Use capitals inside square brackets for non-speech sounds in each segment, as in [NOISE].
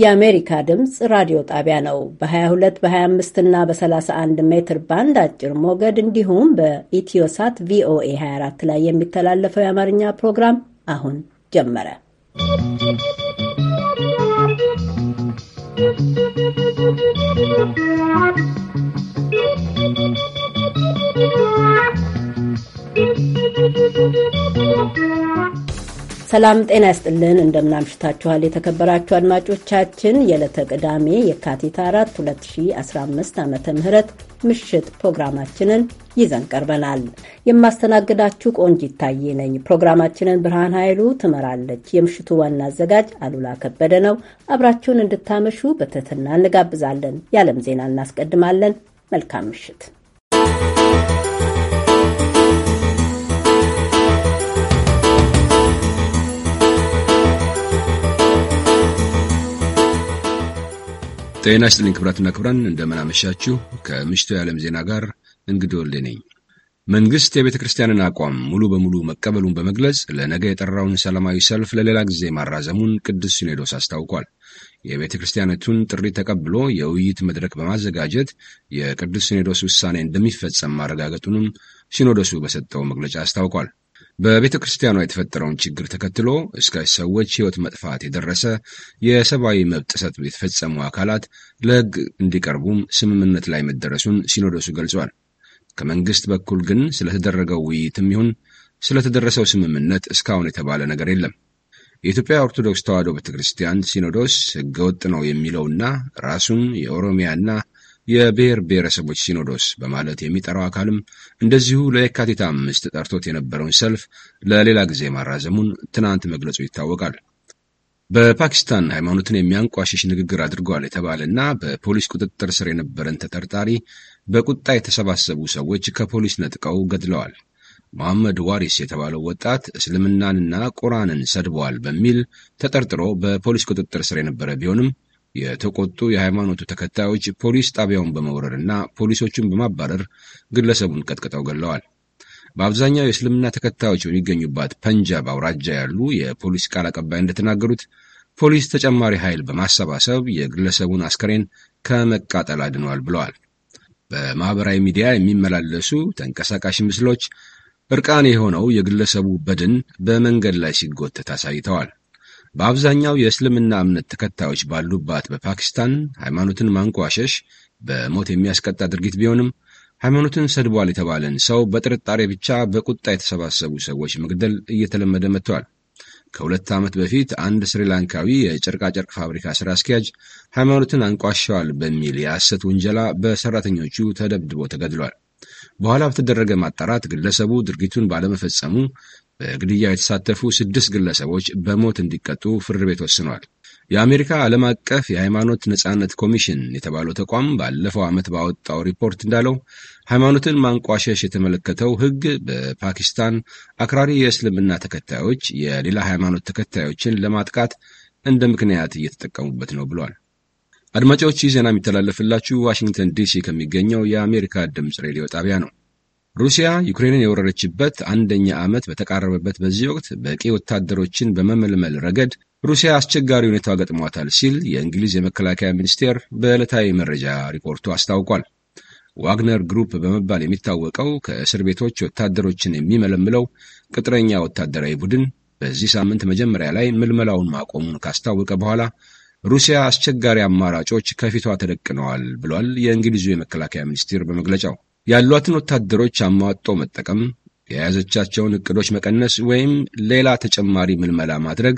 የአሜሪካ ድምፅ ራዲዮ ጣቢያ ነው። በ22 በ25 እና በ31 ሜትር ባንድ አጭር ሞገድ እንዲሁም በኢትዮሳት ቪኦኤ 24 ላይ የሚተላለፈው የአማርኛ ፕሮግራም አሁን ጀመረ። ¶¶ ሰላም ጤና ይስጥልን። እንደምናምሽታችኋል የተከበራችሁ አድማጮቻችን። የዕለተ ቅዳሜ የካቲት 4 2015 ዓ ም ምሽት ፕሮግራማችንን ይዘን ቀርበናል። የማስተናግዳችሁ ቆንጅ ይታየ ነኝ። ፕሮግራማችንን ብርሃን ኃይሉ ትመራለች። የምሽቱ ዋና አዘጋጅ አሉላ ከበደ ነው። አብራችሁን እንድታመሹ በትህትና እንጋብዛለን። የዓለም ዜና እናስቀድማለን። መልካም ምሽት ጤና ይስጥልኝ ክብራትና ክብራን፣ እንደምናመሻችሁ። ከምሽቱ የዓለም ዜና ጋር እንግዲህ ወልዴ ነኝ። መንግሥት የቤተ ክርስቲያንን አቋም ሙሉ በሙሉ መቀበሉን በመግለጽ ለነገ የጠራውን ሰላማዊ ሰልፍ ለሌላ ጊዜ ማራዘሙን ቅዱስ ሲኖዶስ አስታውቋል። የቤተ ክርስቲያነቱን ጥሪ ተቀብሎ የውይይት መድረክ በማዘጋጀት የቅዱስ ሲኖዶስ ውሳኔ እንደሚፈጸም ማረጋገጡንም ሲኖዶሱ በሰጠው መግለጫ አስታውቋል። በቤተ ክርስቲያኗ የተፈጠረውን ችግር ተከትሎ እስከ ሰዎች ሕይወት መጥፋት የደረሰ የሰብአዊ መብት ጥሰት የተፈጸሙ አካላት ለሕግ እንዲቀርቡም ስምምነት ላይ መደረሱን ሲኖዶሱ ገልጿል። ከመንግስት በኩል ግን ስለተደረገው ውይይትም ይሁን ስለተደረሰው ስምምነት እስካሁን የተባለ ነገር የለም። የኢትዮጵያ ኦርቶዶክስ ተዋሕዶ ቤተ ክርስቲያን ሲኖዶስ ወጥ ነው የሚለውና ራሱን የኦሮሚያና የብሔር ብሔረሰቦች ሲኖዶስ በማለት የሚጠራው አካልም እንደዚሁ ለየካቲት አምስት ጠርቶት የነበረውን ሰልፍ ለሌላ ጊዜ ማራዘሙን ትናንት መግለጹ ይታወቃል። በፓኪስታን ሃይማኖትን የሚያንቋሽሽ ንግግር አድርጓል የተባለና በፖሊስ ቁጥጥር ስር የነበረን ተጠርጣሪ በቁጣ የተሰባሰቡ ሰዎች ከፖሊስ ነጥቀው ገድለዋል። መሐመድ ዋሪስ የተባለው ወጣት እስልምናንና ቁርአንን ሰድበዋል በሚል ተጠርጥሮ በፖሊስ ቁጥጥር ስር የነበረ ቢሆንም የተቆጡ የሃይማኖቱ ተከታዮች ፖሊስ ጣቢያውን በመውረርና እና ፖሊሶቹን በማባረር ግለሰቡን ቀጥቅጠው ገለዋል። በአብዛኛው የእስልምና ተከታዮች በሚገኙባት ፐንጃብ አውራጃ ያሉ የፖሊስ ቃል አቀባይ እንደተናገሩት ፖሊስ ተጨማሪ ኃይል በማሰባሰብ የግለሰቡን አስከሬን ከመቃጠል አድኗል ብለዋል። በማኅበራዊ ሚዲያ የሚመላለሱ ተንቀሳቃሽ ምስሎች እርቃን የሆነው የግለሰቡ በድን በመንገድ ላይ ሲጎተት አሳይተዋል። በአብዛኛው የእስልምና እምነት ተከታዮች ባሉባት በፓኪስታን ሃይማኖትን ማንቋሸሽ በሞት የሚያስቀጣ ድርጊት ቢሆንም ሃይማኖትን ሰድቧል የተባለን ሰው በጥርጣሬ ብቻ በቁጣ የተሰባሰቡ ሰዎች መግደል እየተለመደ መጥተዋል። ከሁለት ዓመት በፊት አንድ ስሪላንካዊ የጨርቃጨርቅ ፋብሪካ ሥራ አስኪያጅ ሃይማኖትን አንቋሸዋል በሚል የሐሰት ውንጀላ በሠራተኞቹ ተደብድቦ ተገድሏል። በኋላ በተደረገ ማጣራት ግለሰቡ ድርጊቱን ባለመፈጸሙ በግድያ የተሳተፉ ስድስት ግለሰቦች በሞት እንዲቀጡ ፍርድ ቤት ወስኗል። የአሜሪካ ዓለም አቀፍ የሃይማኖት ነጻነት ኮሚሽን የተባለው ተቋም ባለፈው ዓመት ባወጣው ሪፖርት እንዳለው ሃይማኖትን ማንቋሸሽ የተመለከተው ሕግ በፓኪስታን አክራሪ የእስልምና ተከታዮች የሌላ ሃይማኖት ተከታዮችን ለማጥቃት እንደ ምክንያት እየተጠቀሙበት ነው ብሏል። አድማጮች ይህ ዜና የሚተላለፍላችሁ ዋሽንግተን ዲሲ ከሚገኘው የአሜሪካ ድምፅ ሬዲዮ ጣቢያ ነው። ሩሲያ ዩክሬንን የወረረችበት አንደኛ ዓመት በተቃረበበት በዚህ ወቅት በቂ ወታደሮችን በመመልመል ረገድ ሩሲያ አስቸጋሪ ሁኔታ ገጥሟታል ሲል የእንግሊዝ የመከላከያ ሚኒስቴር በዕለታዊ መረጃ ሪፖርቱ አስታውቋል። ዋግነር ግሩፕ በመባል የሚታወቀው ከእስር ቤቶች ወታደሮችን የሚመለምለው ቅጥረኛ ወታደራዊ ቡድን በዚህ ሳምንት መጀመሪያ ላይ ምልመላውን ማቆሙን ካስታወቀ በኋላ ሩሲያ አስቸጋሪ አማራጮች ከፊቷ ተደቅነዋል ብሏል የእንግሊዙ የመከላከያ ሚኒስቴር በመግለጫው። ያሏትን ወታደሮች አሟጦ መጠቀም፣ የያዘቻቸውን እቅዶች መቀነስ ወይም ሌላ ተጨማሪ ምልመላ ማድረግ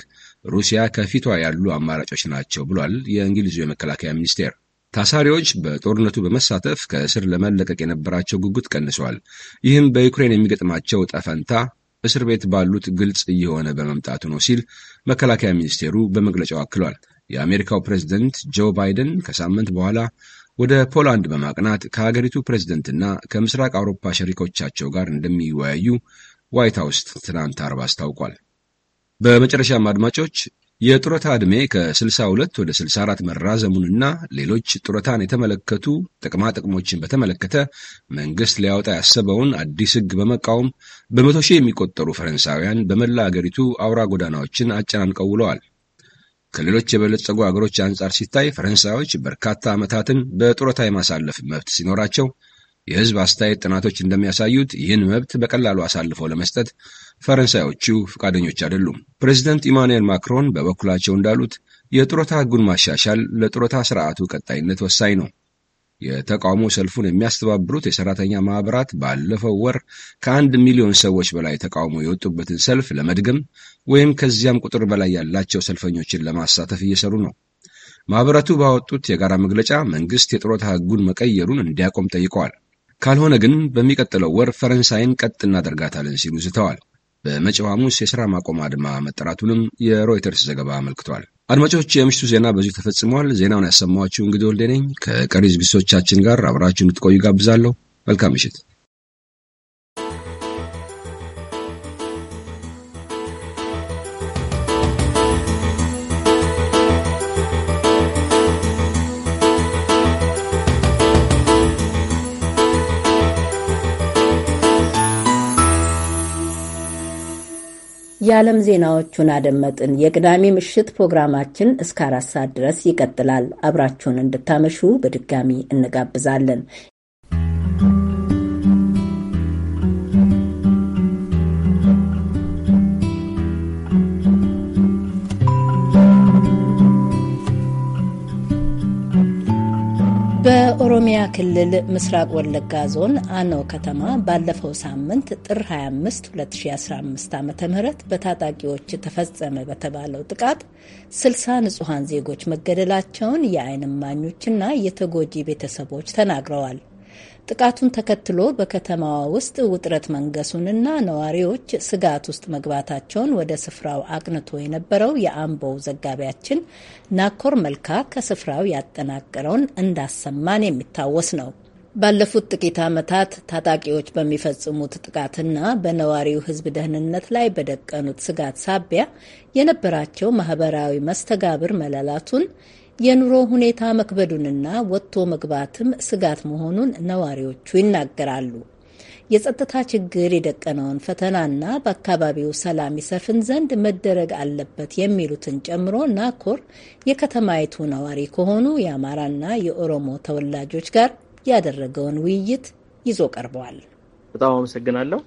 ሩሲያ ከፊቷ ያሉ አማራጮች ናቸው ብሏል የእንግሊዙ የመከላከያ ሚኒስቴር። ታሳሪዎች በጦርነቱ በመሳተፍ ከእስር ለመለቀቅ የነበራቸው ጉጉት ቀንሰዋል። ይህም በዩክሬን የሚገጥማቸው ጠፈንታ እስር ቤት ባሉት ግልጽ እየሆነ በመምጣቱ ነው ሲል መከላከያ ሚኒስቴሩ በመግለጫው አክሏል። የአሜሪካው ፕሬዝደንት ጆ ባይደን ከሳምንት በኋላ ወደ ፖላንድ በማቅናት ከሀገሪቱ ፕሬዝደንትና ከምስራቅ አውሮፓ ሸሪኮቻቸው ጋር እንደሚወያዩ ዋይት ሀውስ ትናንት አርብ አስታውቋል። በመጨረሻም አድማጮች የጡረታ ዕድሜ ከ62 ወደ 64 መራዘሙንና ሌሎች ጡረታን የተመለከቱ ጥቅማጥቅሞችን በተመለከተ መንግሥት ሊያወጣ ያሰበውን አዲስ ሕግ በመቃወም በመቶ ሺህ የሚቆጠሩ ፈረንሳውያን በመላ አገሪቱ አውራ ጎዳናዎችን አጨናንቀው ውለዋል። ከሌሎች የበለጸጉ አገሮች አንጻር ሲታይ ፈረንሳዮች በርካታ ዓመታትን በጡረታ የማሳለፍ መብት ሲኖራቸው የሕዝብ አስተያየት ጥናቶች እንደሚያሳዩት ይህን መብት በቀላሉ አሳልፈው ለመስጠት ፈረንሳዮቹ ፈቃደኞች አይደሉም። ፕሬዚደንት ኢማኑኤል ማክሮን በበኩላቸው እንዳሉት የጡረታ ሕጉን ማሻሻል ለጡረታ ስርዓቱ ቀጣይነት ወሳኝ ነው። የተቃውሞ ሰልፉን የሚያስተባብሩት የሰራተኛ ማህበራት ባለፈው ወር ከአንድ ሚሊዮን ሰዎች በላይ ተቃውሞ የወጡበትን ሰልፍ ለመድገም ወይም ከዚያም ቁጥር በላይ ያላቸው ሰልፈኞችን ለማሳተፍ እየሰሩ ነው። ማህበረቱ ባወጡት የጋራ መግለጫ መንግስት የጥሮታ ህጉን መቀየሩን እንዲያቆም ጠይቀዋል። ካልሆነ ግን በሚቀጥለው ወር ፈረንሳይን ቀጥ እናደርጋታለን ሲሉ ዝተዋል። በመጪው ሐሙስ የሥራ ማቆም አድማ መጠራቱንም የሮይተርስ ዘገባ አመልክቷል። አድማጮች፣ የምሽቱ ዜና በዚሁ ተፈጽሟል። ዜናውን ያሰማኋችሁ እንግዲህ ወልዴ ነኝ። ከቀሪ ዝግጅቶቻችን ጋር አብራችሁ እንድትቆዩ ጋብዛለሁ። መልካም ምሽት። የዓለም ዜናዎቹን አደመጥን። የቅዳሜ ምሽት ፕሮግራማችን እስከ አራት ሰዓት ድረስ ይቀጥላል። አብራችሁን እንድታመሹ በድጋሚ እንጋብዛለን። በኦሮሚያ ክልል ምስራቅ ወለጋ ዞን አኖ ከተማ ባለፈው ሳምንት ጥር 25 2015 ዓ ም በታጣቂዎች ተፈጸመ በተባለው ጥቃት 60 ንጹሐን ዜጎች መገደላቸውን የአይን እማኞችና የተጎጂ ቤተሰቦች ተናግረዋል። ጥቃቱን ተከትሎ በከተማዋ ውስጥ ውጥረት መንገሱንና ነዋሪዎች ስጋት ውስጥ መግባታቸውን ወደ ስፍራው አቅንቶ የነበረው የአምቦው ዘጋቢያችን ናኮር መልካ ከስፍራው ያጠናቀረውን እንዳሰማን የሚታወስ ነው። ባለፉት ጥቂት ዓመታት ታጣቂዎች በሚፈጽሙት ጥቃትና በነዋሪው ሕዝብ ደህንነት ላይ በደቀኑት ስጋት ሳቢያ የነበራቸው ማህበራዊ መስተጋብር መላላቱን የኑሮ ሁኔታ መክበዱንና ወጥቶ መግባትም ስጋት መሆኑን ነዋሪዎቹ ይናገራሉ። የጸጥታ ችግር የደቀነውን ፈተናና በአካባቢው ሰላም ይሰፍን ዘንድ መደረግ አለበት የሚሉትን ጨምሮ ናኮር የከተማይቱ ነዋሪ ከሆኑ የአማራና የኦሮሞ ተወላጆች ጋር ያደረገውን ውይይት ይዞ ቀርበዋል። በጣም አመሰግናለሁ።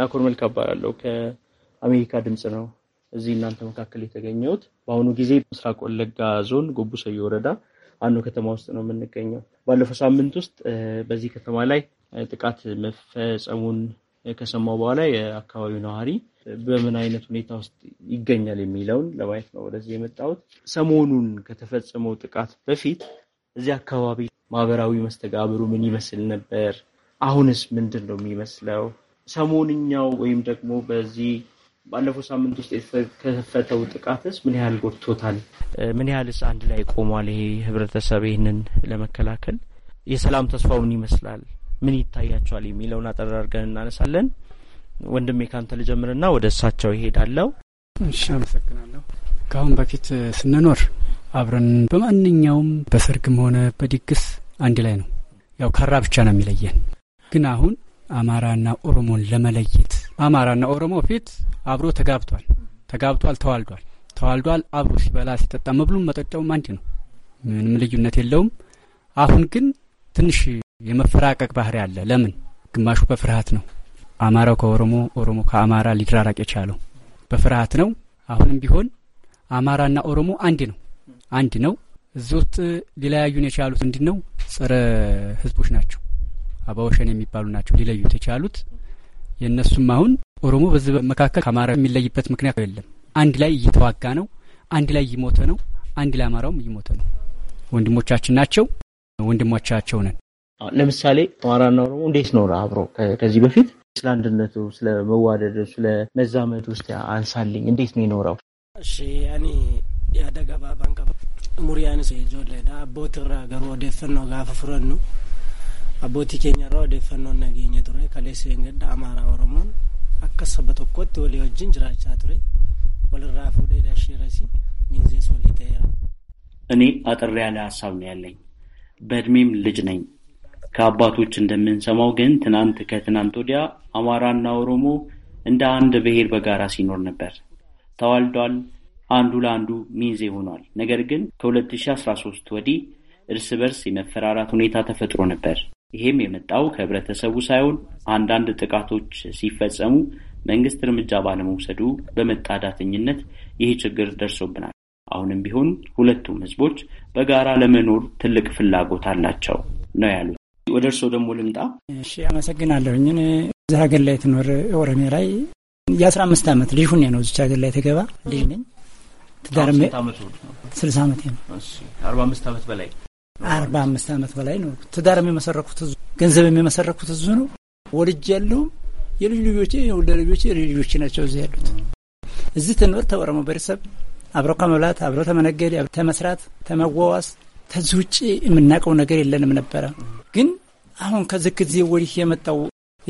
ናኮር መልካ እባላለሁ። ከአሜሪካ ድምፅ ነው እዚህ እናንተ መካከል የተገኘሁት። በአሁኑ ጊዜ ምስራቅ ወለጋ ዞን ጎቡሰዮ ወረዳ አኖ ከተማ ውስጥ ነው የምንገኘው። ባለፈው ሳምንት ውስጥ በዚህ ከተማ ላይ ጥቃት መፈጸሙን ከሰማው በኋላ የአካባቢው ነዋሪ በምን አይነት ሁኔታ ውስጥ ይገኛል የሚለውን ለማየት ነው ወደዚህ የመጣሁት። ሰሞኑን ከተፈጸመው ጥቃት በፊት እዚህ አካባቢ ማህበራዊ መስተጋብሩ ምን ይመስል ነበር? አሁንስ ምንድን ነው የሚመስለው? ሰሞንኛው ወይም ደግሞ በዚህ ባለፈው ሳምንት ውስጥ የተከፈተው ጥቃትስ ምን ያህል ጎድቶታል? ምን ያህልስ አንድ ላይ ቆሟል? ይሄ ህብረተሰብ ይህንን ለመከላከል የሰላም ተስፋው ምን ይመስላል? ምን ይታያቸዋል? የሚለውን አጠር አድርገን እናነሳለን። ወንድሜ ካንተ ልጀምርና ወደ እሳቸው ይሄዳለው። እሺ፣ አመሰግናለሁ። ከአሁን በፊት ስንኖር አብረን በማንኛውም በሰርግም ሆነ በድግስ አንድ ላይ ነው። ያው ካራ ብቻ ነው የሚለየን። ግን አሁን አማራና ኦሮሞን ለመለየት አማራና ኦሮሞ ፊት አብሮ ተጋብቷል፣ ተጋብቷል፣ ተዋልዷል፣ ተዋልዷል። አብሮ ሲበላ ሲጠጣ መብሉም መጠጫውም አንድ ነው። ምንም ልዩነት የለውም። አሁን ግን ትንሽ የመፈራቀቅ ባህሪ አለ። ለምን? ግማሹ በፍርሃት ነው። አማራው ከኦሮሞ ኦሮሞ ከአማራ ሊደራራቅ የቻለው በፍርሃት ነው። አሁንም ቢሆን አማራና ኦሮሞ አንድ ነው፣ አንድ ነው። እዚህ ውስጥ ሊለያዩን የቻሉት እንዲ ነው፣ ጸረ ህዝቦች ናቸው። አባወሸን የሚባሉ ናቸው ሊለዩት የቻሉት። የእነሱም አሁን ኦሮሞ በዚህ መካከል ከአማራ የሚለይበት ምክንያት የለም። አንድ ላይ እየተዋጋ ነው። አንድ ላይ እየሞተ ነው። አንድ ላይ አማራውም እየሞተ ነው። ወንድሞቻችን ናቸው። ወንድሞቻቸው ነን። ለምሳሌ አማራና ኦሮሞ እንዴት ኖረ አብሮ ከዚህ በፊት ስለ አንድነቱ፣ ስለ መዋደዱ፣ ስለ መዛመድ ውስጥ አንሳልኝ እንዴት ነው የኖረው? እሺ ያኔ ያደገባ ባንከ ሙሪያንስ ዞለ ቦትራ ገሩ ወደፈን ነው ጋፈፍረን ነው አቦቲ ኬኛራ ወደፈኖ ነገኘ ቱሬ ከሌሴ እንገዳ አማራ ኦሮሞን አከሰበ ቶኮት ወሌ ወጅን ጅራቻ ቱሬ ወለራ ፉዴ ዳሽረሲ ሚንዜስ ወሊተያ እኔ አጠር ያለ ሀሳብ ነው ያለኝ። በእድሜም ልጅ ነኝ። ከአባቶች እንደምንሰማው ግን ትናንት ከትናንት ወዲያ አማራና ኦሮሞ እንደ አንድ ብሔር በጋራ ሲኖር ነበር። ተዋልዷል። አንዱ ለአንዱ ሚንዜ ሆኗል። ነገር ግን ከ2013 ወዲህ እርስ በርስ የመፈራራት ሁኔታ ተፈጥሮ ነበር። ይሄም የመጣው ከህብረተሰቡ ሳይሆን አንዳንድ ጥቃቶች ሲፈጸሙ መንግስት እርምጃ ባለመውሰዱ በመጣዳተኝነት ይህ ችግር ደርሶብናል። አሁንም ቢሆን ሁለቱም ህዝቦች በጋራ ለመኖር ትልቅ ፍላጎት አላቸው ነው ያሉት። ወደ እርስዎ ደግሞ ልምጣ። እሺ፣ አመሰግናለሁኝ። እዚህ ሀገር ላይ ትኖር ኦሮሚያ ላይ የአስራ አምስት ዓመት ልጅ ሁኔ ነው እዚች ሀገር ላይ ተገባ ልጅ ነኝ። ትዳር ስልሳ ዓመት ነው አርባ አምስት ዓመት በላይ አርባ አምስት ዓመት በላይ ነው። ትዳርም የመሰረኩት እዙ ገንዘብም የመሰረኩት እዙ ነው። ወልጅ ያለውም የልጅ ልጆቼ የወልደ ልጆቼ የልጅ ልጆቼ ናቸው እዚህ ያሉት። እዚህ ትኖር ተወረሞ ቤተሰብ አብረው ከመብላት አብረው ተመነገድ ተመስራት ተመዋዋስ ከዚህ ውጭ የምናውቀው ነገር የለንም ነበረ። ግን አሁን ከዚህ ጊዜ ወዲህ የመጣው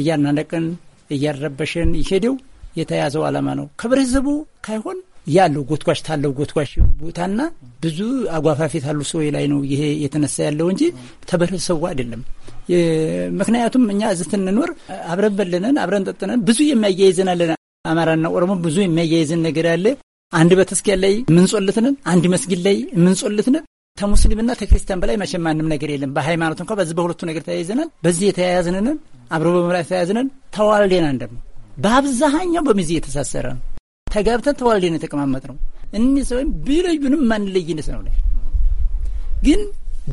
እያናነቅን እያረበሽን ይሄደው የተያዘው አላማ ነው ከብረተሰቡ ካይሆን ያለው ጎትጓሽ ታለው ጎትጓሽ ቦታና ብዙ አጓፋፊ ታሉ ሰው ላይ ነው ይሄ የተነሳ ያለው እንጂ ተበረሰቡ አይደለም። ምክንያቱም እኛ እዚህ ስንኖር አብረን በልነን አብረን ጠጥነን ብዙ የሚያያይዘናለን። አማራና ኦሮሞ ብዙ የሚያያይዘን ነገር አለ። አንድ ቤተክርስቲያን ላይ የምንጾልትንን፣ አንድ መስጊድ ላይ የምንጾልትንን ከሙስሊምና ከክርስቲያን በላይ መቼም ማንም ነገር የለም። በሃይማኖት እንኳ በዚህ በሁለቱ ነገር ተያይዘናል። በዚህ የተያያዝንንን አብሮ በመላ የተያያዝንን ተዋልዴን አንደም በአብዛኛው በሚዜ የተሳሰረ ነው። ተጋብተን ተዋልደን የተቀማመጥ ነው። እኒህ ሰው ቢለዩንም ማንለይነት ነው ላይ ግን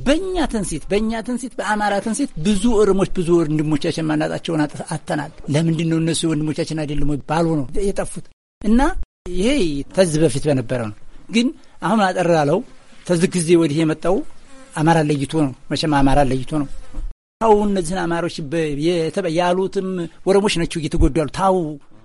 በእኛ ትንሲት በእኛ ትንሲት በአማራ ትንሲት ብዙ እርሞች ብዙ ወንድሞቻችን ማናጣቸውን አተናል። ለምንድን ነው እነሱ ወንድሞቻችን አይደለም ወይ ባሉ ነው የጠፉት? እና ይሄ ተዝ በፊት በነበረ ነው። ግን አሁን አጠር ያለው ከዚህ ጊዜ ወዲህ የመጣው አማራ ለይቶ ነው። መቼም አማራ ለይቶ ነው። ታው እነዚህን አማሮች ያሉትም ወረሞች ናቸው እየተጎዱ ያሉት። ታው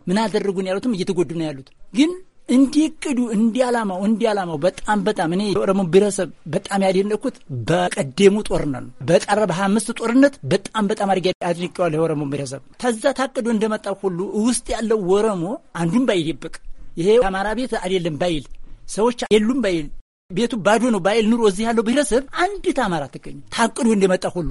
ምን አደረጉን ያሉትም እየተጎዱ ነው ያሉት። ግን እንዲቅዱ እንዲያላማው እንዲያላማው በጣም በጣም እኔ የኦሮሞ ብሔረሰብ በጣም ያደነኩት በቀደሙ ጦርነት ነው። በቀረበ ሀያ አምስት ጦርነት በጣም በጣም አድርጌ አድንቄዋለሁ የኦሮሞ ብሔረሰብ። ተዛ ታቅዶ እንደመጣ ሁሉ ውስጥ ያለው ኦሮሞ አንዱን ይብቅ ይሄ አማራ ቤት አይደለም ባይል ሰዎች የሉም ባይል ቤቱ ባዶ ነው ባይል ኑሮ እዚህ ያለው ብሔረሰብ አንዲት አማራ ትገኝ ታቅዶ እንደመጣ ሁሉ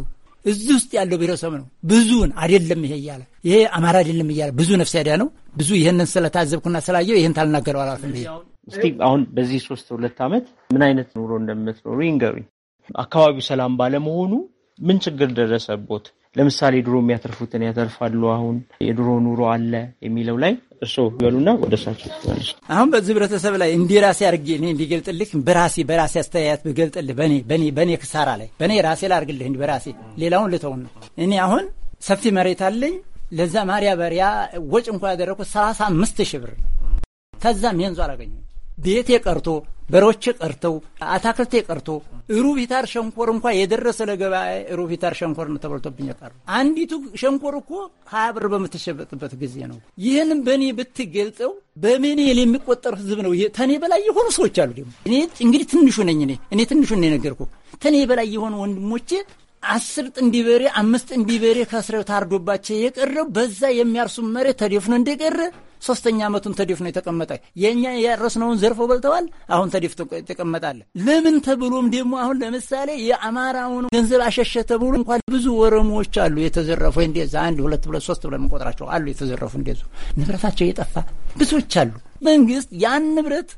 እዚህ ውስጥ ያለው ብሔረሰብ ነው። ብዙውን አይደለም ይሄ እያለ ይሄ አማራ አይደለም እያለ ብዙ ነፍስ ያዳ ነው። ብዙ ይህንን ስለታዘብኩና ስላየው ይህን ታልናገረው አላልፍም። ይሄ እስቲ አሁን በዚህ ሶስት ሁለት ዓመት ምን አይነት ኑሮ እንደምትኖሩ ይንገሩኝ። አካባቢው ሰላም ባለመሆኑ ምን ችግር ደረሰቦት? ለምሳሌ ድሮ የሚያተርፉትን ያተርፋሉ። አሁን የድሮ ኑሮ አለ የሚለው ላይ እርስዎ ይበሉና ወደ እሳቸው አሁን በዚህ ህብረተሰብ ላይ እንዲህ ራሴ አድርጌ እኔ እንዲገልጥልህ በራሴ በራሴ አስተያየት ብገልጥልህ በኔ በኔ በኔ ክሳራ ላይ በኔ ራሴ ላድርግልህ እንዲህ በራሴ ሌላውን ልተውን ነው። እኔ አሁን ሰፊ መሬት አለኝ። ለዛ ማሪያ በሪያ ወጭ እንኳ ያደረግኩት ሰላሳ አምስት ሺህ ብር ነው። ከዛም የንዞ አላገኘ ቤቴ ቀርቶ በሮች ቀርተው አታክልቴ ቀርቶ ሩብ ሂታር ሸንኮር እንኳ የደረሰ ለገበያ ሩብ ሂታር ሸንኮር ተበልቶብኝ ቀሩ። አንዲቱ ሸንኮር እኮ ሀያ ብር በምትሸበጥበት ጊዜ ነው። ይህንም በእኔ ብትገልጠው በሚሊዮን የሚቆጠር ህዝብ ነው። ተኔ በላይ የሆኑ ሰዎች አሉ። ደግሞ እኔ እንግዲህ ትንሹ ነኝ። እኔ እኔ ትንሹ ነው የነገርኩ። ተኔ በላይ የሆኑ ወንድሞቼ አስር ጥንድ በሬ አምስት ጥንድ በሬ ከስረው ታርዶባቸው የቀረው በዛ የሚያርሱ መሬት ተደፍኖ እንደቀረ ሶስተኛ ዓመቱን ተዲፍ ነው የተቀመጠ። የእኛ ያረስነውን ዘርፎ በልተዋል። አሁን ተዲፍ ተቀመጣለ። ለምን ተብሎም ደግሞ አሁን ለምሳሌ የአማራውን ገንዘብ አሸሸ ተብሎ እንኳን ብዙ ወረሞች አሉ የተዘረፉ እንደዚ አንድ ሁለት ብለ ሶስት ብለ የምንቆጥራቸው አሉ የተዘረፉ እንደዙ ንብረታቸው እየጠፋ ብዙዎች አሉ። መንግስት ያን ንብረት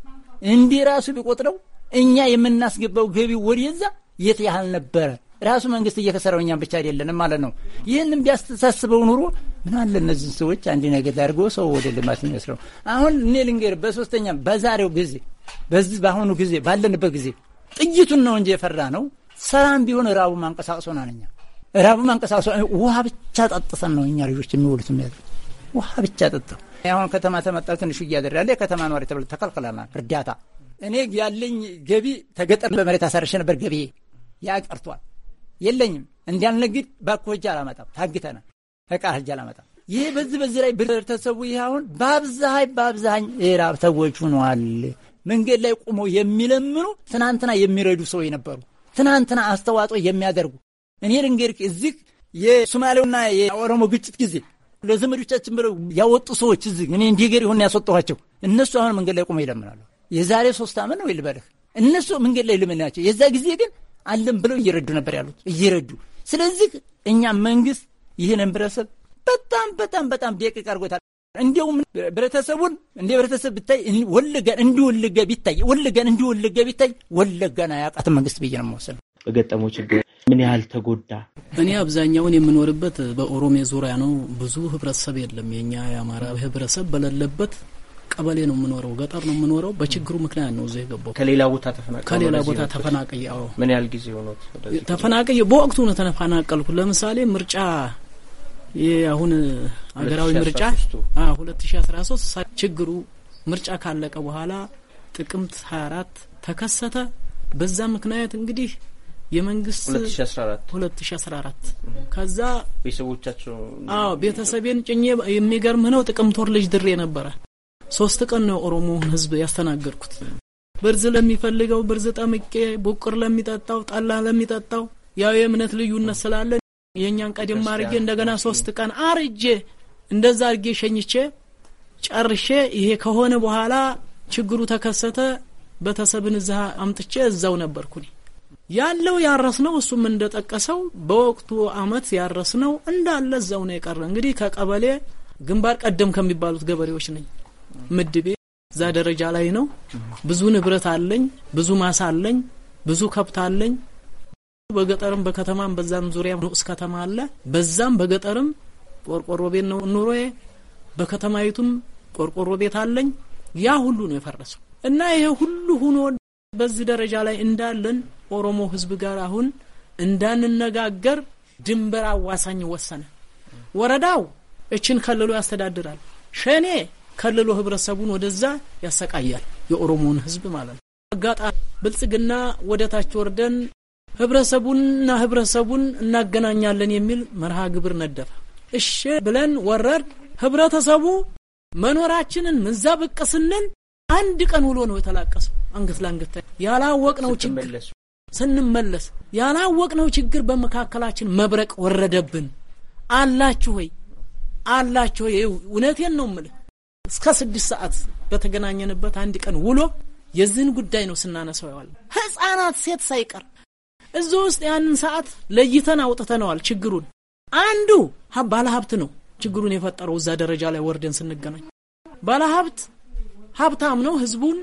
እንዲህ ራሱ ቢቆጥረው እኛ የምናስገባው ገቢ ወደዛ የት ያህል ነበረ? ራሱ መንግስት እየከሰረው እኛም ብቻ አይደለንም ማለት ነው። ይህንም ቢያስተሳስበው ኑሮ ምን አለ እነዚህን ሰዎች አንድ ነገር አድርጎ ሰው ወደ ልማት የሚወስደው። አሁን እኔ ልንገር፣ በሶስተኛ በዛሬው ጊዜ በዚህ በአሁኑ ጊዜ ባለንበት ጊዜ ጥይቱን ነው እንጂ የፈራ ነው። ሰራም ቢሆን ራቡ ማንቀሳቀሶ ናነኛ ራቡ ማንቀሳቀሶ ውሃ ብቻ ጠጥሰን ነው እኛ ልጆች የሚውሉት የሚያሉ ውሃ ብቻ ጠጥተው አሁን ከተማ ተመጣ ትንሹ እያደር ያለ የከተማ ነዋሪ ተብሎ ተከልክለናል። እርዳታ እኔ ያለኝ ገቢ ተገጠር በመሬት አሳርሼ ነበር ገቢ ያቀርቷል የለኝም እንዲያልነግድ ባኮጃ አላመጣም ታግተናል። እቃ ህጃ አላመጣም። ይህ በዚህ በዚህ ላይ ብርተሰቡ ይህ አሁን በአብዛኝ በአብዛኝ የራብ ሰዎች ሆነዋል። መንገድ ላይ ቁመው የሚለምኑ ትናንትና የሚረዱ ሰው የነበሩ ትናንትና አስተዋጽኦ የሚያደርጉ እኔ ልንገር እዚህ የሶማሌውና የኦሮሞ ግጭት ጊዜ ለዘመዶቻችን ብለው ያወጡ ሰዎች እዚህ እኔ እንዲገር ይሁን ያስወጠኋቸው እነሱ አሁን መንገድ ላይ ቁመው ይለምናሉ። የዛሬ ሶስት ዓመት ነው ይልበልህ እነሱ መንገድ ላይ ልምናቸው የዛ ጊዜ ግን አለም ብለው እየረዱ ነበር ያሉት እየረዱ ስለዚህ እኛ መንግስት ይህንን ህብረተሰብ በጣም በጣም በጣም ደቂቅ አድርጎታል። እንዲሁም ህብረተሰቡን እንደ ህብረተሰብ ብታይ ወለጋን እንዲ ወለጋ ቢታይ ወለጋን እንዲ ወለጋ ቢታይ ወለጋን አያውቃት መንግስት ብዬ ነው መወሰን። በገጠመው ችግር ምን ያህል ተጎዳ? እኔ አብዛኛውን የምኖርበት በኦሮሜ ዙሪያ ነው። ብዙ ህብረተሰብ የለም። የኛ የአማራ ህብረተሰብ በሌለበት ቀበሌ ነው የምኖረው፣ ገጠር ነው የምኖረው። በችግሩ ምክንያት ነው እዚህ የገባው። ከሌላ ቦታ ተፈናቀል ከሌላ ቦታ ተፈናቅዬ። አዎ። ምን ያህል ጊዜ ሆኖት ተፈናቅዬ? በወቅቱ ነው ተፈናቀልኩ። ለምሳሌ ምርጫ ይህ አሁን ሀገራዊ ምርጫ ሁለት ሺ አስራ ሶስት ችግሩ ምርጫ ካለቀ በኋላ ጥቅምት ሀያ አራት ተከሰተ። በዛ ምክንያት እንግዲህ የመንግስት ሁለት ሺ አስራ አራት ከዛ ቤተሰቦቻቸው አዎ ቤተሰቤን ጭኜ የሚገርም ነው ጥቅምት ወር ልጅ ድሬ ነበረ። ሶስት ቀን ነው ኦሮሞውን ህዝብ ያስተናገድኩት። ብርዝ ለሚፈልገው ብርዝ ጠምቄ፣ ቡቅር ለሚጠጣው፣ ጠላ ለሚጠጣው ያው የእምነት ልዩነት ስላለ የእኛን ቀድም አርጌ እንደገና ሶስት ቀን አርጄ እንደዛ አርጌ ሸኝቼ ጨርሼ ይሄ ከሆነ በኋላ ችግሩ ተከሰተ። ቤተሰብን እዛ አምጥቼ እዛው ነበርኩኝ ያለው ነው እሱም እንደጠቀሰው በወቅቱ አመት ያረስ ነው እንዳለ እዛው ነው የቀረ። እንግዲህ ከቀበሌ ግንባር ቀደም ከሚባሉት ገበሬዎች ነኝ። ምድቤ እዛ ደረጃ ላይ ነው። ብዙ ንብረት አለኝ፣ ብዙ ማሳ አለኝ፣ ብዙ ከብት አለኝ። በገጠርም በከተማም በዛም ዙሪያ ንዑስ ከተማ አለ። በዛም በገጠርም ቆርቆሮ ቤት ነው ኑሮዬ። በከተማይቱም ቆርቆሮ ቤት አለኝ። ያ ሁሉ ነው የፈረሰው እና ይሄ ሁሉ ሆኖ በዚህ ደረጃ ላይ እንዳለን ኦሮሞ ህዝብ ጋር አሁን እንዳንነጋገር ድንበር አዋሳኝ ወሰነ። ወረዳው እችን ከልሎ ያስተዳድራል። ሸኔ ከልሎ ህብረተሰቡን ወደዛ ያሰቃያል፣ የኦሮሞን ህዝብ ማለት ነው። አጋጣሚ ብልጽግና ወደ ታች ወርደን ህብረተሰቡንና ህብረተሰቡን እናገናኛለን የሚል መርሃ ግብር ነደፈ። እሺ ብለን ወረድ። ህብረተሰቡ መኖራችንን ምዛ ብቅ ስንል አንድ ቀን ውሎ ነው የተላቀሰው። አንገት ለአንገት ነው ችግር ስንመለስ ያላወቅነው ችግር በመካከላችን መብረቅ ወረደብን። አላችሁ ወይ አላችሁ ወይ? እውነቴን ነው የምልህ እስከ ስድስት ሰዓት በተገናኘንበት አንድ ቀን ውሎ የዚህን ጉዳይ ነው ስናነሳው ያዋል ህጻናት ሴት ሳይቀር እዚ ውስጥ ያንን ሰዓት ለይተን አውጥተነዋል። ችግሩን አንዱ ባለ ሀብት ነው ችግሩን የፈጠረው እዛ ደረጃ ላይ ወርደን ስንገናኝ ባለ ሀብት ሀብታም ነው። ህዝቡን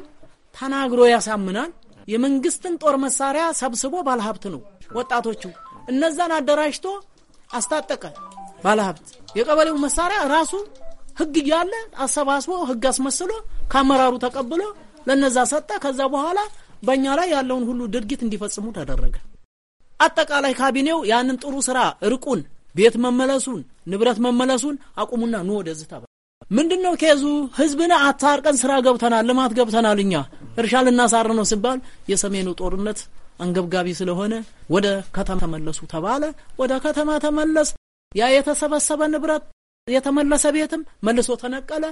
ተናግሮ ያሳምናል። የመንግስትን ጦር መሳሪያ ሰብስቦ ባለ ሀብት ነው። ወጣቶቹ እነዛን አደራጅቶ አስታጠቀ። ባለ ሀብት የቀበሌው መሳሪያ ራሱ ህግ እያለ አሰባስቦ ህግ አስመስሎ ከአመራሩ ተቀብሎ ለነዛ ሰጠ። ከዛ በኋላ በእኛ ላይ ያለውን ሁሉ ድርጊት እንዲፈጽሙ ተደረገ። አጠቃላይ ካቢኔው ያንን ጥሩ ስራ እርቁን፣ ቤት መመለሱን፣ ንብረት መመለሱን አቁሙና ኑ ወደዚህ ተባለ። ምንድን ነው ኬዙ? ህዝብን አታርቀን ስራ ገብተናል፣ ልማት ገብተናል፣ እኛ እርሻ ልናሳር ነው ሲባል የሰሜኑ ጦርነት አንገብጋቢ ስለሆነ ወደ ከተማ ተመለሱ ተባለ። ወደ ከተማ ተመለስ። ያ የተሰበሰበ ንብረት የተመለሰ ቤትም መልሶ ተነቀለ።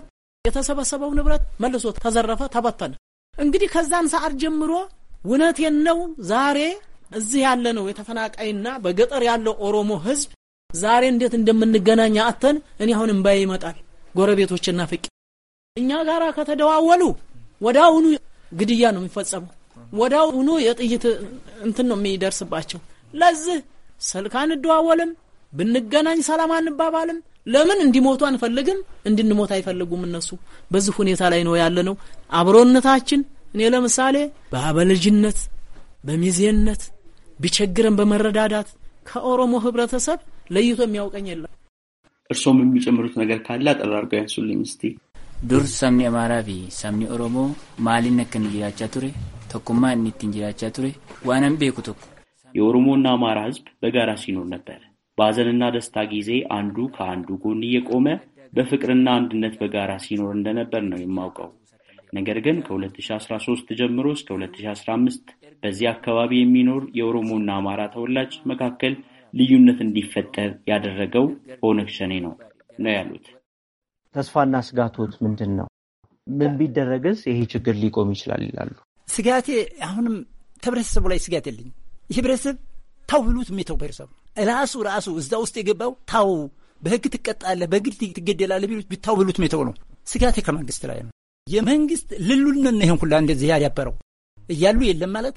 የተሰበሰበው ንብረት መልሶ ተዘረፈ፣ ተበተነ። እንግዲህ ከዛን ሰዓት ጀምሮ እውነቴን ነው ዛሬ እዚህ ያለ ነው የተፈናቃይና በገጠር ያለው ኦሮሞ ህዝብ ዛሬ እንዴት እንደምንገናኝ አተን እኔ አሁን እምባዬ ይመጣል። ጎረቤቶችና ፍቅ እኛ ጋር ከተደዋወሉ ወደ አሁኑ ግድያ ነው የሚፈጸመው። ወደ አሁኑ የጥይት እንትን ነው የሚደርስባቸው። ለዚህ ስልክ አንደዋወልም፣ ብንገናኝ ሰላም አንባባልም። ለምን እንዲሞቱ አንፈልግም፣ እንድንሞት አይፈልጉም እነሱ። በዚህ ሁኔታ ላይ ነው ያለ ነው አብሮነታችን። እኔ ለምሳሌ በአበልጅነት በሚዜነት ቢቸግረን በመረዳዳት ከኦሮሞ ህብረተሰብ ለይቶ የሚያውቀኝ የለም። እርሶም የሚጨምሩት ነገር ካለ አጠር አድርገው ያንሱልኝ እስቲ። ዱር ሰምኒ አማራ ፊ ሰምኒ ኦሮሞ ማሊን ነከን ጅራቻ ቱሬ ተኩማ እኒትን ጅራቻ ቱሬ ዋናም ቤኩ ተኩ የኦሮሞና አማራ ህዝብ በጋራ ሲኖር ነበር። በሀዘንና ደስታ ጊዜ አንዱ ከአንዱ ጎን እየቆመ በፍቅርና አንድነት በጋራ ሲኖር እንደነበር ነው የማውቀው። ነገር ግን ከ2013 ጀምሮ እስከ 2015 በዚህ አካባቢ የሚኖር የኦሮሞና አማራ ተወላጅ መካከል ልዩነት እንዲፈጠር ያደረገው ኦነግ ሸኔ ነው ነው ያሉት። ተስፋና ስጋቶት ምንድን ነው? ምን ቢደረግስ ይሄ ችግር ሊቆም ይችላል ይላሉ። ስጋቴ አሁንም ተብረተሰቡ ላይ ስጋት የለኝ። ይህ ህብረተሰብ ታው ብሉት የሚተው ብሔረሰብ ራሱ ራሱ እዛ ውስጥ የገባው ታው በህግ ትቀጣለህ፣ በህግ ትገደላለህ ቢሉት ቢታው ብሉት የሚተው ነው። ስጋቴ ከመንግስት ላይ ነው። የመንግስት ልሉልነን ይህን ሁላ እንደዚህ ያዳበረው እያሉ የለም ማለት